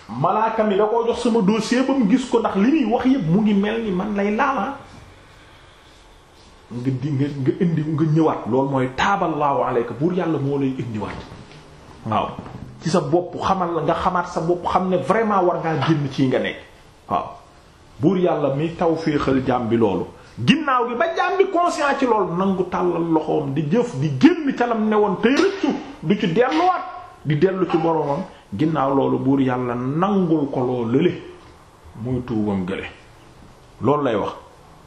Speaker 1: malaaka mi da koo jox sama dossier ba mu gis ko ndax li muy wax yëpp mu ngi mel ni man lay laala ah. nga di nga nga indi nga ñëwaat loolu mooy taaballaahu alayka buur yàlla moo lay indiwaat waaw ci sa bopp xamal la nga xamaat sa bopp xam ne vraiment war ngaa génn ci nga nekk waaw buur yàlla mi taw féexal jaam bi loolu ginnaaw gi ba jaam bi conscient ci loolu nangu tàllal loxoom di jëf di génn calam ne woon tey rëccu du ci delluwaat di dellu ci moroomam ginnaaw loolu buur yàlla nangul ko loo lële muy tuubam gële loolu lay wax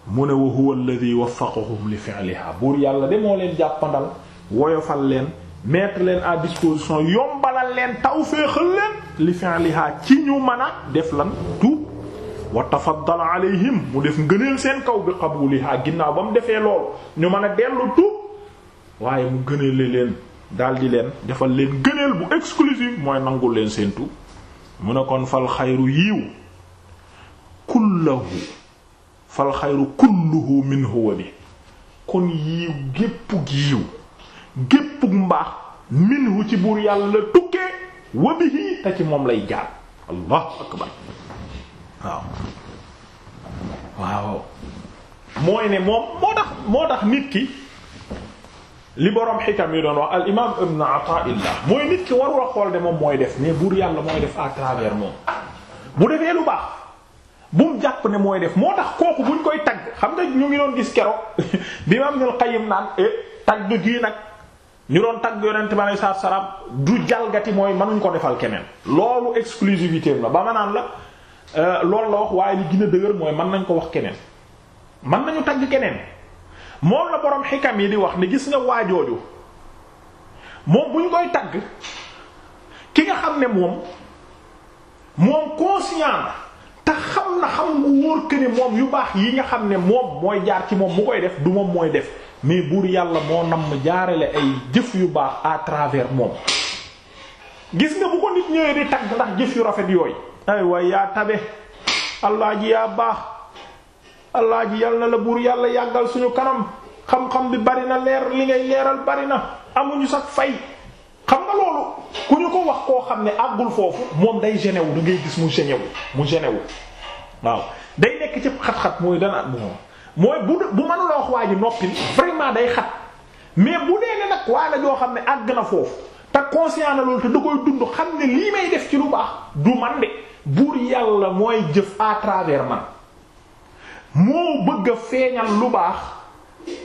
Speaker 1: mu ne wa huwa alladhi waffaqahum li fi'liha buur yàlla de moo leen jàppandal woyofal leen mettre leen à disposition yombalal leen tawféexal leen li fi'liha ci ñu mën a def lan tu wa tafaddala alayhim mu def ngëneel seen kaw bi qabuliha ginnaaw ba mu defee loolu ñu mën a dellu tuub waaye mu gëneele leen daldi leen defal leen gëneel bu exclusive mooy nangul leen seen tuub mu ne kon fal xayru yiiw kullahu fal xayru kulluhu minhu wa bi kon yiiw gépp giiw gépp mbaax minhu ci buur yàlla tukkee wa bihi te ci moom lay jaar allahu akbar waaw waaw mooy ne moom moo tax moo tax nit ki li borom xikam yi doon wax al imaam ibn Ataa'illah mooy nit ki warul xool de moom mooy def mais buur yàlla mooy def à travers moom bu defee lu baax bu mu jàpp ne mooy def moo tax kooku buñ koy tagg xam nga ñu ngi doon gis keroog bi am Ibnul Qayyim naan eh, tagg gii nag ñu doon tagg yonent bi alayhi salaatu salaam du jalgati defal keneen. loolu exclusivité la ba ma naan la euh, loolu la wax waaye li gën a dëgër mooy mën nañ ko wax keneen mën nañu tagg keneen moom la borom xikam yi di wax ni gis nga waajooju moom buñ koy tagg ki nga xam ne moom moom conscient te xam na xam bu wóor que moom yu baax yi nga xam ne moom mooy jaar ci moom mu koy def du moom mooy def mais buur yàlla moo namm jaarale ay jëf yu baax à travers moom gis nga bu ko nit ñëwee di tagg ndax jëf yu rafet yooyu ay waay yaa tabe allah ji yaa baax allah ji yàlla na la buur yàlla yàggal suñu kanam xam-xam bi bari na leer li ngay leeral bari na amuñu sax fay xam nga loolu ku ñu ko wax koo xam ne àggul foofu moom day gêné wu da ngay gis mu gêné mu gêné wu waaw day nekk ci xat-xat mooy dana at moom mooy bu bu mënula wax waa ji noppi vraiment day xat mais bu dee ne nag waa la joo xam ne àgg na foofu te conscient na loolu te da koy dund xam ne lii may def ci lu baax du man de buur yàlla mooy jëf à travers man moo bëgg a feeñal lu baax.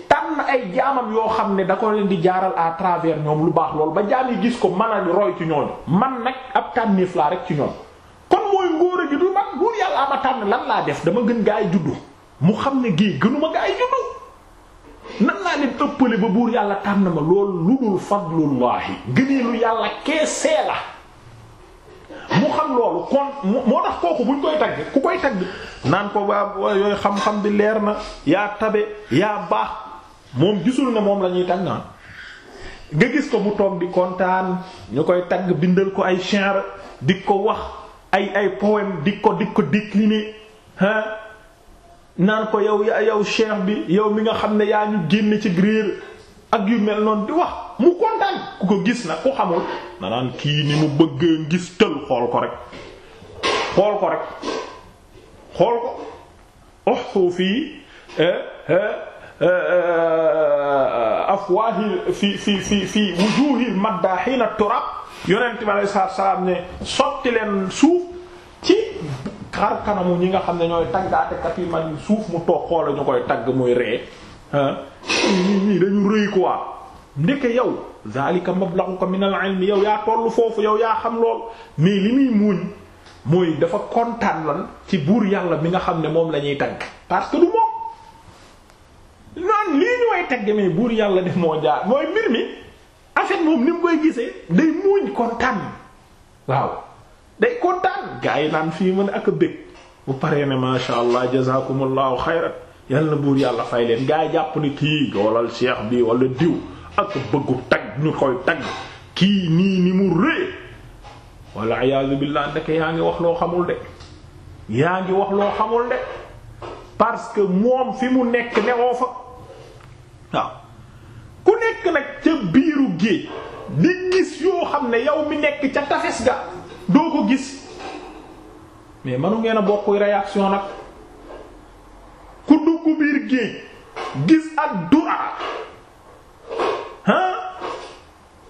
Speaker 1: tànn ay jaamam yoo xam ne da ko leen di jaaral à travers ñoom lu baax loolu ba jaam yi gis ko mën a roy ci ñooñu man nag ab tànniif laa rek ci ñoom kon mooy ngóor a gi du man buur yàlla ama tànn lan laa def dama gën gaa yi juddu mu xam ne gii gënuma gaa yi juddu nan laa leen ëppale ba buur yàlla tànn ma lool lu dul fadlullahi gënee lu yàlla keesee la mu xam loolu kon moo tax kooku buñ koy tagg ku koy tagg naan ko waa yooyu xam-xam bi leer na yaa tabe yaa baax moom gisul ne moom lañuy ñuy tagg naan nga gis ko mu toog di kontaan ñu koy tagg bindal ko ay shi'r dik ko wax ay ay poème di ko di ko décliner hein naan ko yow yow chair bi yow mi nga xam ne yaa ñu génn ci grier ak yu mel noonu di wax mu kontaan ku ko gis na ku xamul danaan kii ni mu bëggee gis tël xool ko rek xool ko rek xool ko uhsu fii eh, eh, eh, afwahi fi fi fi fi wujuhil maddahin turab yonent bi alayhi salaam ne sotti leen suuf ci xar kanamu ñi nga xam ne ñooy taggaate kat yi man suuf mu toog xool ñu koy tagg muy ree ah. ñii ñii dañu rëy quoi ndeke yow zalika mablaghuka min al-ilm yow yaa tollu foofu yaw yaa xam lool mais li muy muuñ mooy dafa kontaan lan ci buur yàlla mi nga xam ne moom lañuy ñuy tagg parce que du moom naan lii ñu way tagg mais buur yàlla def moo jaar mooy mbir mi en moom ni mu koy gisee day muuñ kontaan waaw day kontaan gars yi naan fii mën ak bëgg bu paree ne masha allah jazakumullahu xayran yàlla buur yàlla fay leen gaa jàpp ni kii joolal cheikh bi walla diw ak bëggu tag ñu koy tag kii nii ni mu rëy wala iyaazu billah ndeke yaa ngi wax loo xamul de yaa ngi wax loo xamul de parce que moom fi mu nekk newoo fa waaw ku nekk nag ca biiru géej di gis yoo xam ne yow mi nekk ca tafes ga doo ko gis mais manu ngeen a bokk réaction nag ku dugg biir géej gis ak du'a ah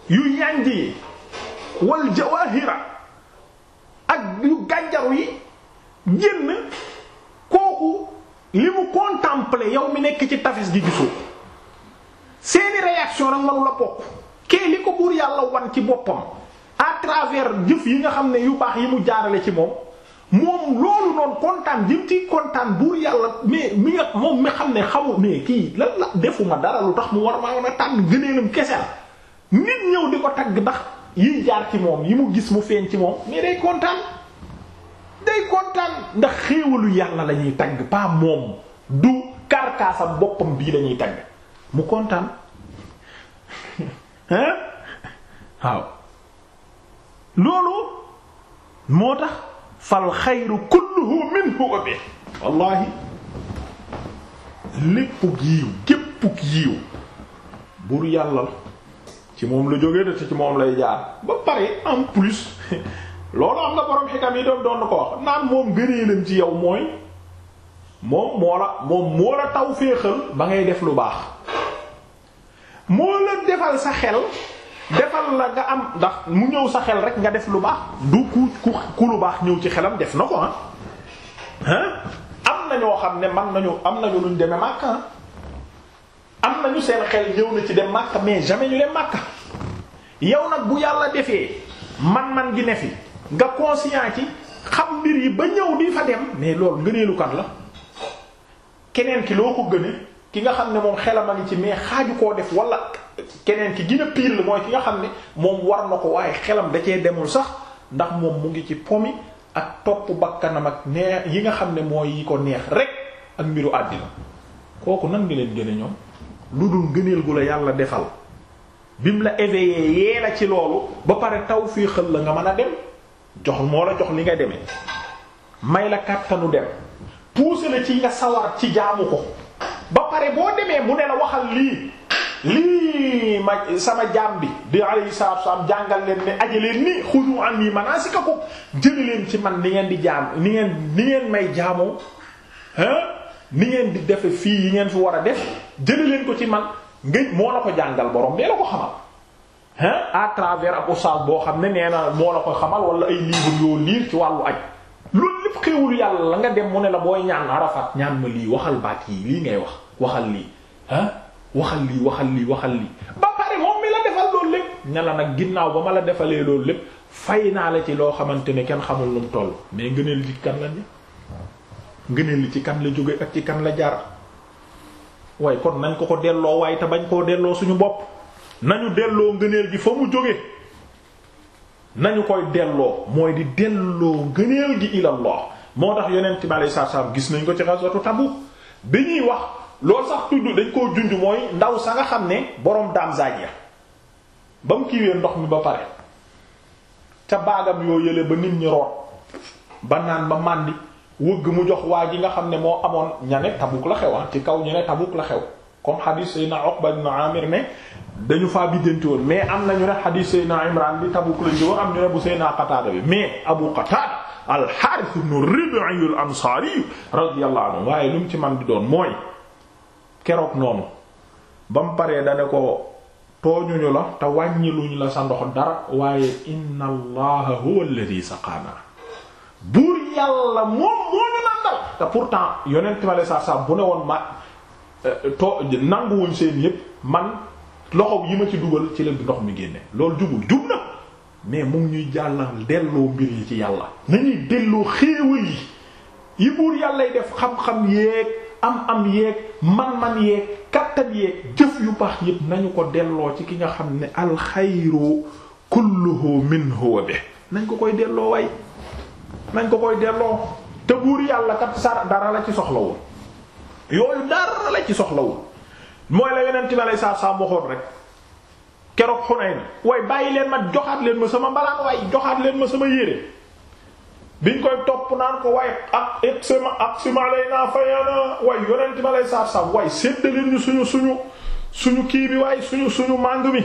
Speaker 1: yu yànj yi wal jawahira ak yu gànjaru yi génn kooku li mu contempler yow mi nekk ci tafis gi gisoo seeni réaction nag manu bokk kee li ko buur yàlla wan ci boppam à travers jëf yi nga xam ne yu baax yi mu jaarale ci moom moom loolu noonu kontaan jëm ci kontaan buur yàlla mais mi nga moom mi xam ne xaw ne kii lan la defuma dara lu tax mu war maa mën a tànn gëneelam kese la nit ñëw di ko tagg ndax yiy jaar ci moom yi mu gis mu feeñ ci moom mais day kontaan day kontaan ndax xéewalu yàlla la ñuy tagg pas moom du karkaasam boppam bii lañuy tagg mu kontaan hein waaw loolu moo tax fal xayru kulluhu minhu wa bihi wallahi léppug yiiw géppug yiiw buur yàlla ci moom la jógee de te ci moom lay jaar ba pare en plus loolu am nga borom xikam yi doon doon ko wax naan moom gëneelam ci yow mooy moom moo la moom moo la taw féexal ba ngay def lu baax moo la defal sa xel defal la nga am ndax mu ñëw sa xel rek nga def lu baax du ku ku lu baax ñëw ci xelam def na ko ah. am na ñoo xam ne man nañu am nañu luñ demee Makka ah. am nañu seen xel ñëw na ci dem Makka mais jamais ñu dem màkk yow nag bu yàlla defee man-man gi ne fi nga conscient xam mbir yi ba ñëw di fa dem mais loolu ngëneelu kan la keneen ki loo ko gëne ki nga xam ne moom xelam a ngi ci mais xaaju koo def wala keneen ki gën a pire la mooy ki nga xam ne moom war na ko waaye xelam da cee demul sax ndax moom mu ngi ci pomi ak topp bakkanam ak neex yi nga xam ne mooy yi ko neex rek ak mbiru àddina kooku nan ngi leen gëne ñoom lu dul ngëneel gu la yàlla defal mu la éveillé yee la ci loolu ba pare taw fii tawfiixal la nga mën a dem jox moo la jox li nga demee may la kàttanu dem pousser la ci nga sawar ci jaamu ko ba pare boo demee mu ne la waxal lii lii ma sama jaam bi di alayhi salaatu wasallam jàngal leen ne aje leen nii xudu anni manasikakum jëli leen ci man ni ngeen di jaam ni ngeen ni ngeen may jaamoo hein ni ngeen di defe fii yi ngeen fi war a def jëli leen ko ci man nga moo la ko jàngal borom bee la ko xamal hein à travers ab boo xam ne nee na moo la ko xamal wala ay livre yoo lii ci wàllu aj lépp xéewalu yàlla la nga dem mu ne la booy ñaan Arafat ñaan ma lii waxal baat yi lii ngay wax waxal lii waxal lii waxal lii waxal lii ba pare moom mi la defal loolu lépp ne nag ginnaaw ba ma la defalee loolu lépp fay naa la ci loo xamante ne kenn xamul nu mu toll mais ngëneel ci kan li ci kan la jóge ak ci kan la jaar waaye kon nañ ko ko delloo waaye te bañ koo delloo suñu bopp nañu delloo ngëneel gi fa mu jóge nañu koy delloo mooy di delloo ngëneel gi ilallah moo tax yonent bi alayhi salaam gis nañ ko ci ghazwatu Tabuk bi ñuy wax loolu sax tudd dañ koo junj mooy ndaw sa nga xam ne boroom daam zaaj ya ba mu kiiwee ndox mi ba pare ca baagam yoo yële ba nit ñi root ba naan ba màndi wëgg mu jox waa ji nga xam ne moo amoon ña ne Tabuk la xew ah, ci kaw ña ne Tabuk la xew comme xadiis Seydina Uqba ibn Amir ne dañu faa biddanti woon mais am nañu ne xadiis Seydina Imran bi Tabuk lañ jëwoon am ñu ne bu Seydina Qataada bi mais Abu Qataada al-Haaris ibn Rib'i ansaari radiyallahu anhu waaye lu mu ci man di doon mooy keroog noonu ba mu paree dane ko tooñuñu la te wàññiluñu la sa ndox dara waaye inna allaha huwa alladhi saqaana buur yàlla moom moo ñu naan te pourtant yonent ma le sa sa bu ne woon ma Euh, to nanguwuñ seen yépp man loxo yi ma ci dugal ci leen bi ndox mi génne loolu jubul jub na mais mu ngi ñuy jàllal delloo mbir yi ci yàlla nañuy delloo xéewal yi buur yàllay def xam-xam yeeg am am yeeg man-man yeeg kattan yeeg jëf yu baax yépp nañu ko delloo ci ki nga xam ne alxayru kulluhu minhu wa bi nañ ko koy delloo way nañ ko koy delloo te buur yàlla kat sar dara la ci soxla yooyu dara la ci soxlawul mooy la yonent bi alay saa saa waxoon rek keroog Xunayn waaye bàyyi leen ma joxaat leen ma sama mbalaan waaye joxaat leen ma sama yére biñ koy topp naan ko waaye ak ak sama ak si ma lay naa fayaana waaye yonent bi alay saa saa waaye séddale ñu suñu suñu suñu kii bi waaye suñu suñu màng mi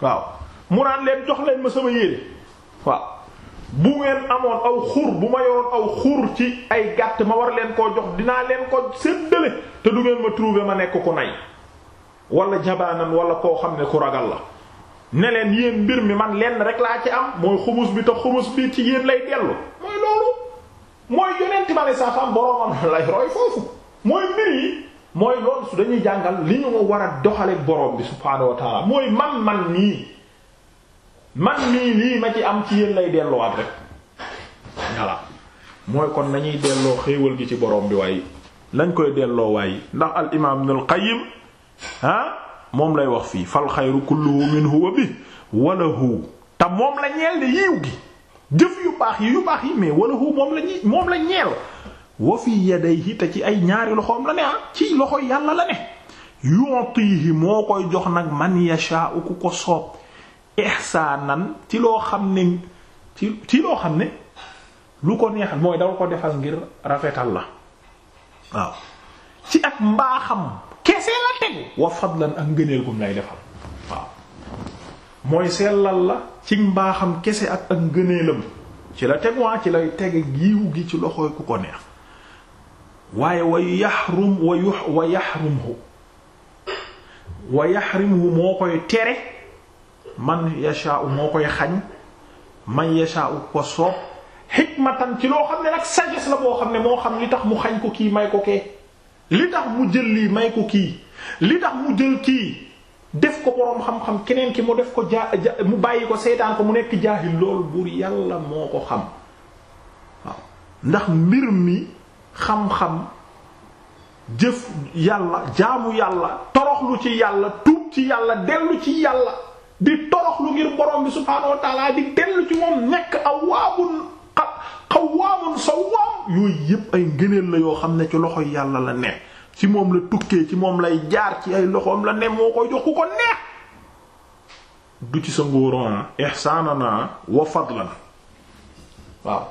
Speaker 1: waaw mu naan leen jox leen ma sama yére waaw bu ngeen amoon aw xur bu ma yoon aw xur ci ay gàtt ma war leen koo jox dinaa leen ko séddale te du ngeen ma trouver ma nekk ku nay wala jabaanan wala koo xam ne ku ragal la ne leen yéen mbir mi man lenn rek laa ci am mooy xumus bi te xumus bi ci yéen lay dellu mooy loolu mooy yonenti bale saa faam boroomam lay roy foofu mooy mbir yi mooy loolu su dañuy jàngal li ñu ma war a doxale borom bi subhaanahu wa mooy man man nii man nii nii ma ci am ci yéen lay delluwaat rek voilà mooy kon nañuy delloo xéewal gi ci borom bi waaye lañ koy delloo waaye ndax al imaam Ibnul Qayyim moom lay wax fii fal xayru kulluhu minhu wa bi walahu te moom la ñeel di yiiw gi jëf yu baax yi yu baax yi mais walahu moom la ñi moom la ñeel wa fi yadayhi te ci ay ñaari loxoom la ne ah ci loxo yàlla la ne yutihi moo koy jox nag man yashaa'u ku ko soob ihsaanan ci loo xam ne ci ci loo xam ne lu ko neex mooy daw ko defal ngir rafetal la waaw ci ak mbaaxam kese la tegu wa fadlan ak ngëneel gum lay defal waaw mooy sellal la ci mbaaxam kese ak ak ngëneelam ci la teguwaa ah, ci lay tege giiw gi ci loxoy ku ko neex waaye wa yaxrum wa yu wa yaxrumhu wa yaxrimhu moo koy tere man yashaa'u moo koy xañ man yashaa'u ko soob xikmatan ci loo xam ne nag sagesse la boo xam ne moo xam li tax mu xañ ko kii may ko kee li tax mu jël lii may ko kii li tax mu jël kii def ko boroom xam-xam keneen ki mu def ko jaa mu bàyyi ko seetaan ko mu nekk jaahil loolu buur yàlla moo ko xam waaw ndax mbir mi xam-xam jëf yàlla jaamu yàlla toroxlu ci yàlla tuub ci yàlla dellu ci yàlla di torox lu ngir borom bi subhaanahu wa di dellu ci moom nekk awaabun xawaamun sawaam yooyu yépp ay ngëneel la yoo xam ne ci loxo yàlla la ne ci moom la tukkee ci moom lay jaar ci ay loxoom la ne moo koy jox ku ko neex du ci sa ngóoron ihsaanana wa fadlan waaw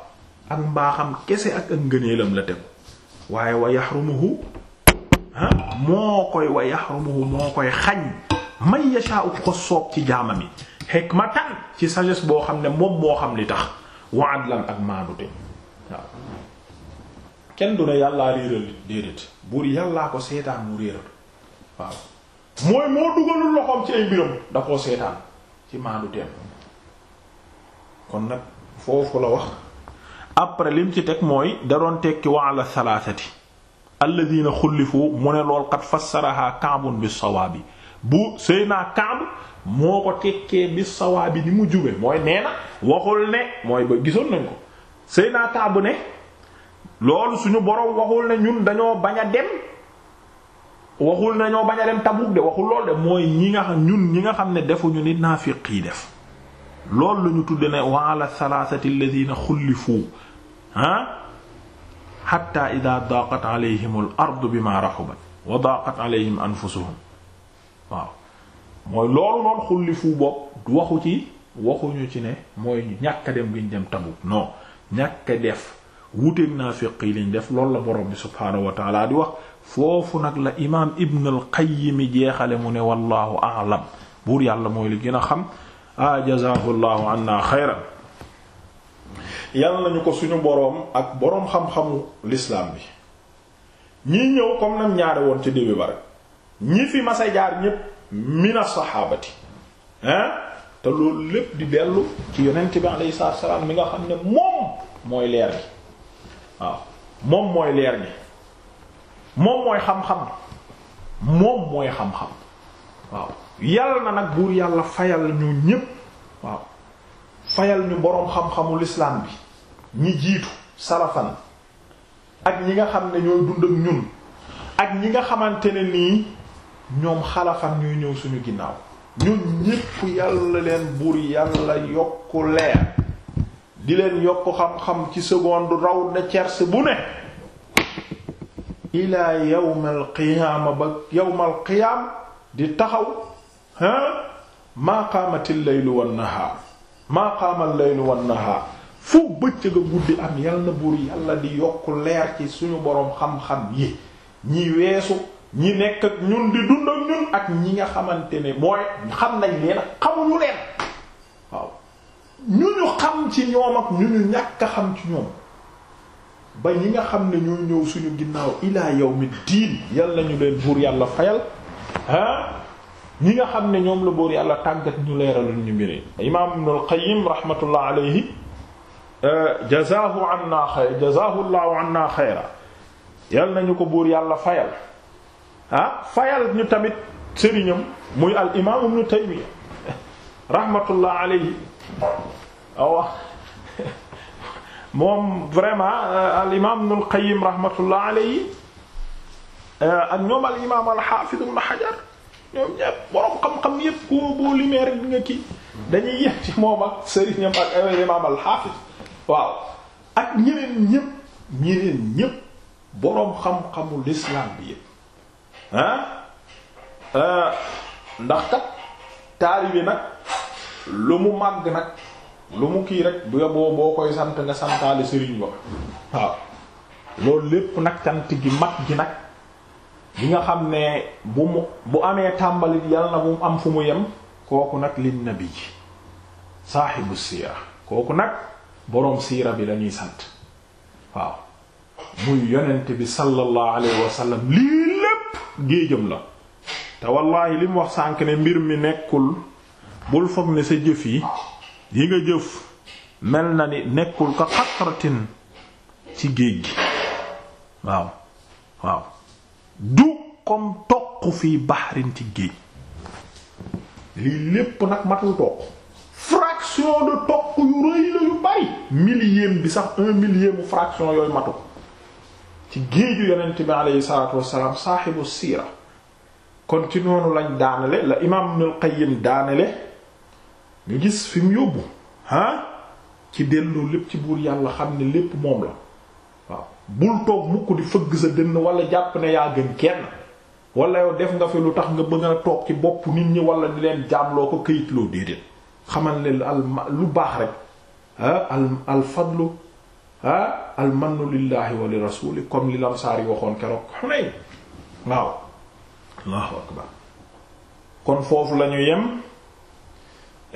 Speaker 1: ak mbaaxam kese ak ak ngëneelam la tegu waaye wa yaxrumuhu moo koy wa yaxrumuhu moo koy xañ may yasha'u ku ko soob ci jaamam yi hikmatan ci sagesse boo xam ne moom moo xam li tax wa adlan ak maandute waaw kenn du ne yàllaa réeral déedéet buur yàllaa ko seetaan mu réeral waaw mooy moo dugalul loxoom ci ay mbiram da koo seetaan ci maanduteem kon nag foofu la wax après lim ci teg mooy da doon tekki wa ala thalathati alladhina xullifu mu ne lool kat fassaraha ka'bun bis sawabi bu sëy naa kamb moo ko tekkee bi sawaa bi ni mu jube mooy nee na waxul ne mooy ba gisoon nañ ko sëy naa kamb ne loolu suñu boroom waxul ne ñun dañoo bañ a dem waxul ne ñoo bañ a dem Tabuk de waxul loolu de mooy ñi nga xam ñun ñi nga xam ne defuñu nit naafiq yi def loolu la tudd tudde ne waala thalathati alladhina xullifu ah hatta idha daqat alayhim al ardu bima rahubat wa daqat alayhim anfusuhum waaw mooy loolu noonu xullifu bopp waxu ci waxuñu ci ne mooy ñàkk dem gi ñu dem Tabuk noo ñàkk def wuuteeg naa féq yi liñ def loolu la borom bi subhaanahu wa di wax foofu nag la imaam Ibn al jeexale mu ne wallaahu a'lam buur yàlla mooy li gën a xam a jazaahu llaahu anna xayran yal ko suñu boroom ak boroom xam-xamu l'islam bi ñii ñëw comme nam ñaare woon ci début ba rek ñi fi masa jaar ñépp mina saxaabati hein te loolu lépp di dellu ci yonent bi alayhi mi nga xam ne moom mooy leer gi moom mooy leer gi moom mooy xam-xam moom mooy xam-xam waaw yàlla na nag buur yàlla fayal ñu ñépp waaw fayal ñu boroom xam-xamu lislaam bi ñi jiitu salafan ak ñi nga xam ne ñooy dund ak ñun ak ñi nga xamante ne nii ñoom xalafan ñuy ñëw suñu ginnaaw ñun ñépp yàlla leen buur yàlla yokk leer di leen yokk xam-xam ci du raw de tierce bu ne ilaa yawmal qiyaama ba yawmal qiyaam di taxaw ah maa qaamatil laylu wan nahaar maa qaamal nahaar fu bëccëg a guddi am yàlla buur yàlla di yokk leer ci suñu boroom xam-xam yi ñi weesu ñi nekk ñun di dund ñun ak ñi nga xamante ne mooy xam nañ leen xamuñu leen waaw ñu ñu xam ci ñoom ak ñu ñu ñàkk xam ci ñoom ba ñi nga xam ne suñu ginnaaw ilaa yawmi diin yal nañu leen buur yàlla fayal ah ñi nga xam ne ñoom la buur yàlla tàggat ñu leeralal ñu mbiri imaam ibnul qayyim rahmatullah alayhi euh, jazaahu anna xayra jazaahu allahu anna xayra yal nañu ko buur yàlla fayal ah fayal ñu tamit sëriñam muy al imaam ibnu Taymiyya rahmatullah alayhi ah, waaw moom vraiment euh, al imaam ibnul Qayyim rahmatullah alayhi euh, ak ñoom al imaam al Haafiz ibnu Hajar ñoom ñépp borom xam-xam yépp koo boo limee rek nga kii dañuy yem ci moom ak sëriñam al euh, imaam al Haafiz ak ñeneen ñépp ñeneen ah ndax kat taalibe nag lu mu màgg nag lu mu kii rek bu yoboo boo koy sant nga santaale sëriñ ba waaw loolu lépp nag cant gi mag gi nag gi nga xam ne bu mu bu amee tàmbalit yàlla na mu am fu mu yem kooku nag lin nabi saaxibu siira kooku nag boroom siira bi lañuy sant waaw muy yonent bi sallallahu alayhi wa sallam lii géejam la te wallaahi li mu wax sànk ne mbir mi nekkul bul foog ne sa jëf yi yi nga jëf mel na ni nekkul ka xatratin ci géej gi waaw waaw du comme toq fii baxrin ci géej lii lépp nag matul toq fraction de toq yu rëy la yu bari millième bi sax un millième fraction yooyu matu ci géeju yonent bi aleyhi salaatu wassalaam saaxibu siira kon ci noonu lañ daanale la imaam Ibnul Qayyim daanale nga gis fi mu yóbbu ah ci delloo lépp ci buur yàlla xam ne lépp moom la waaw bul toog mukk di fëgg sa dënn wala jàpp ne yaa gën kenn wala yow def nga fi lu tax nga bëgg a toog ci boppu nit ñi wala di leen jaamloo ko këyitloo déedéet xamal ne al lu baax rek ah al al fadlu ah almannu lillahi wa li rasuli comme li lamsaar yi waxoon keroog Hunayn waaw allahu akbar kon foofu la yem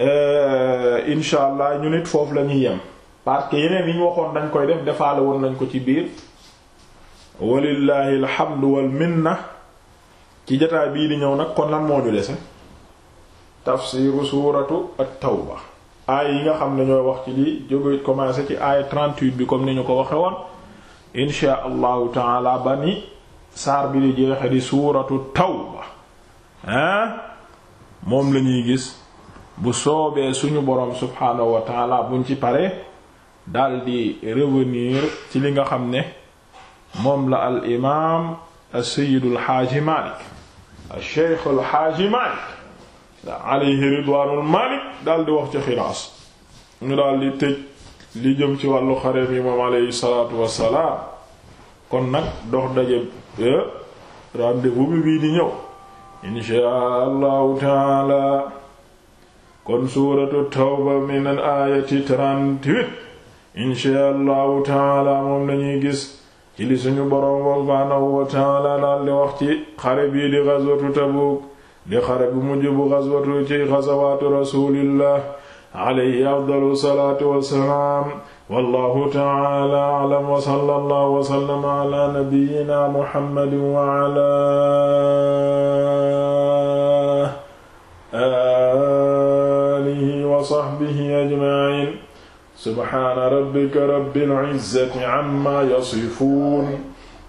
Speaker 1: euh, insha allah ñu nit foofu la ñuy yem parce que yeneen yi waxoon dañ koy def defaale woon nañ ko ci biir walillahi alhamdu wal minna ci jotaay bii di ñëw nag kon lan moo ñu dese tafsiru suuratu at-tawba aay yi nga xam ne wax ci li jóge commencé ci aay 38 bi comme ni ñu ko waxe woon insha allahu taala ba ni saar bi di jeexe di suuratu tawba ah moom la ñuy gis bu soobee suñu boroom subhaanahu wa buñ ci paree daldi revenir ci li nga xam ne moom la al imaam as al xaaji Maalik al cheikh al xaaji Maalik alayhi ridwaanul malik daal di wax ci xilaas ñu daal tëj li jëm ci wàllu xare mi moom alayhi salaatu wassalaam kon nag dox daje e, rendez-vous bi bii di ñëw inshaa allahu taala kon suuratu tawba min al aayati 38 inshaa allahu taala moom lañuy gis ci li suñu boroom subhaanahu wa taala daal xare bii di ghazwatu Tabuk di xare bu mujj bu xaswatu ci xasawaatu rasulillah alayhi afdalu salaatu wassalaam wallahu ta'ala a'lam wa sallallahu wa sallama ala nabiyyina muhammadin wa ala alihi wa sahbihi ajma'in subhana rabbika rabbil izzati amma yasifun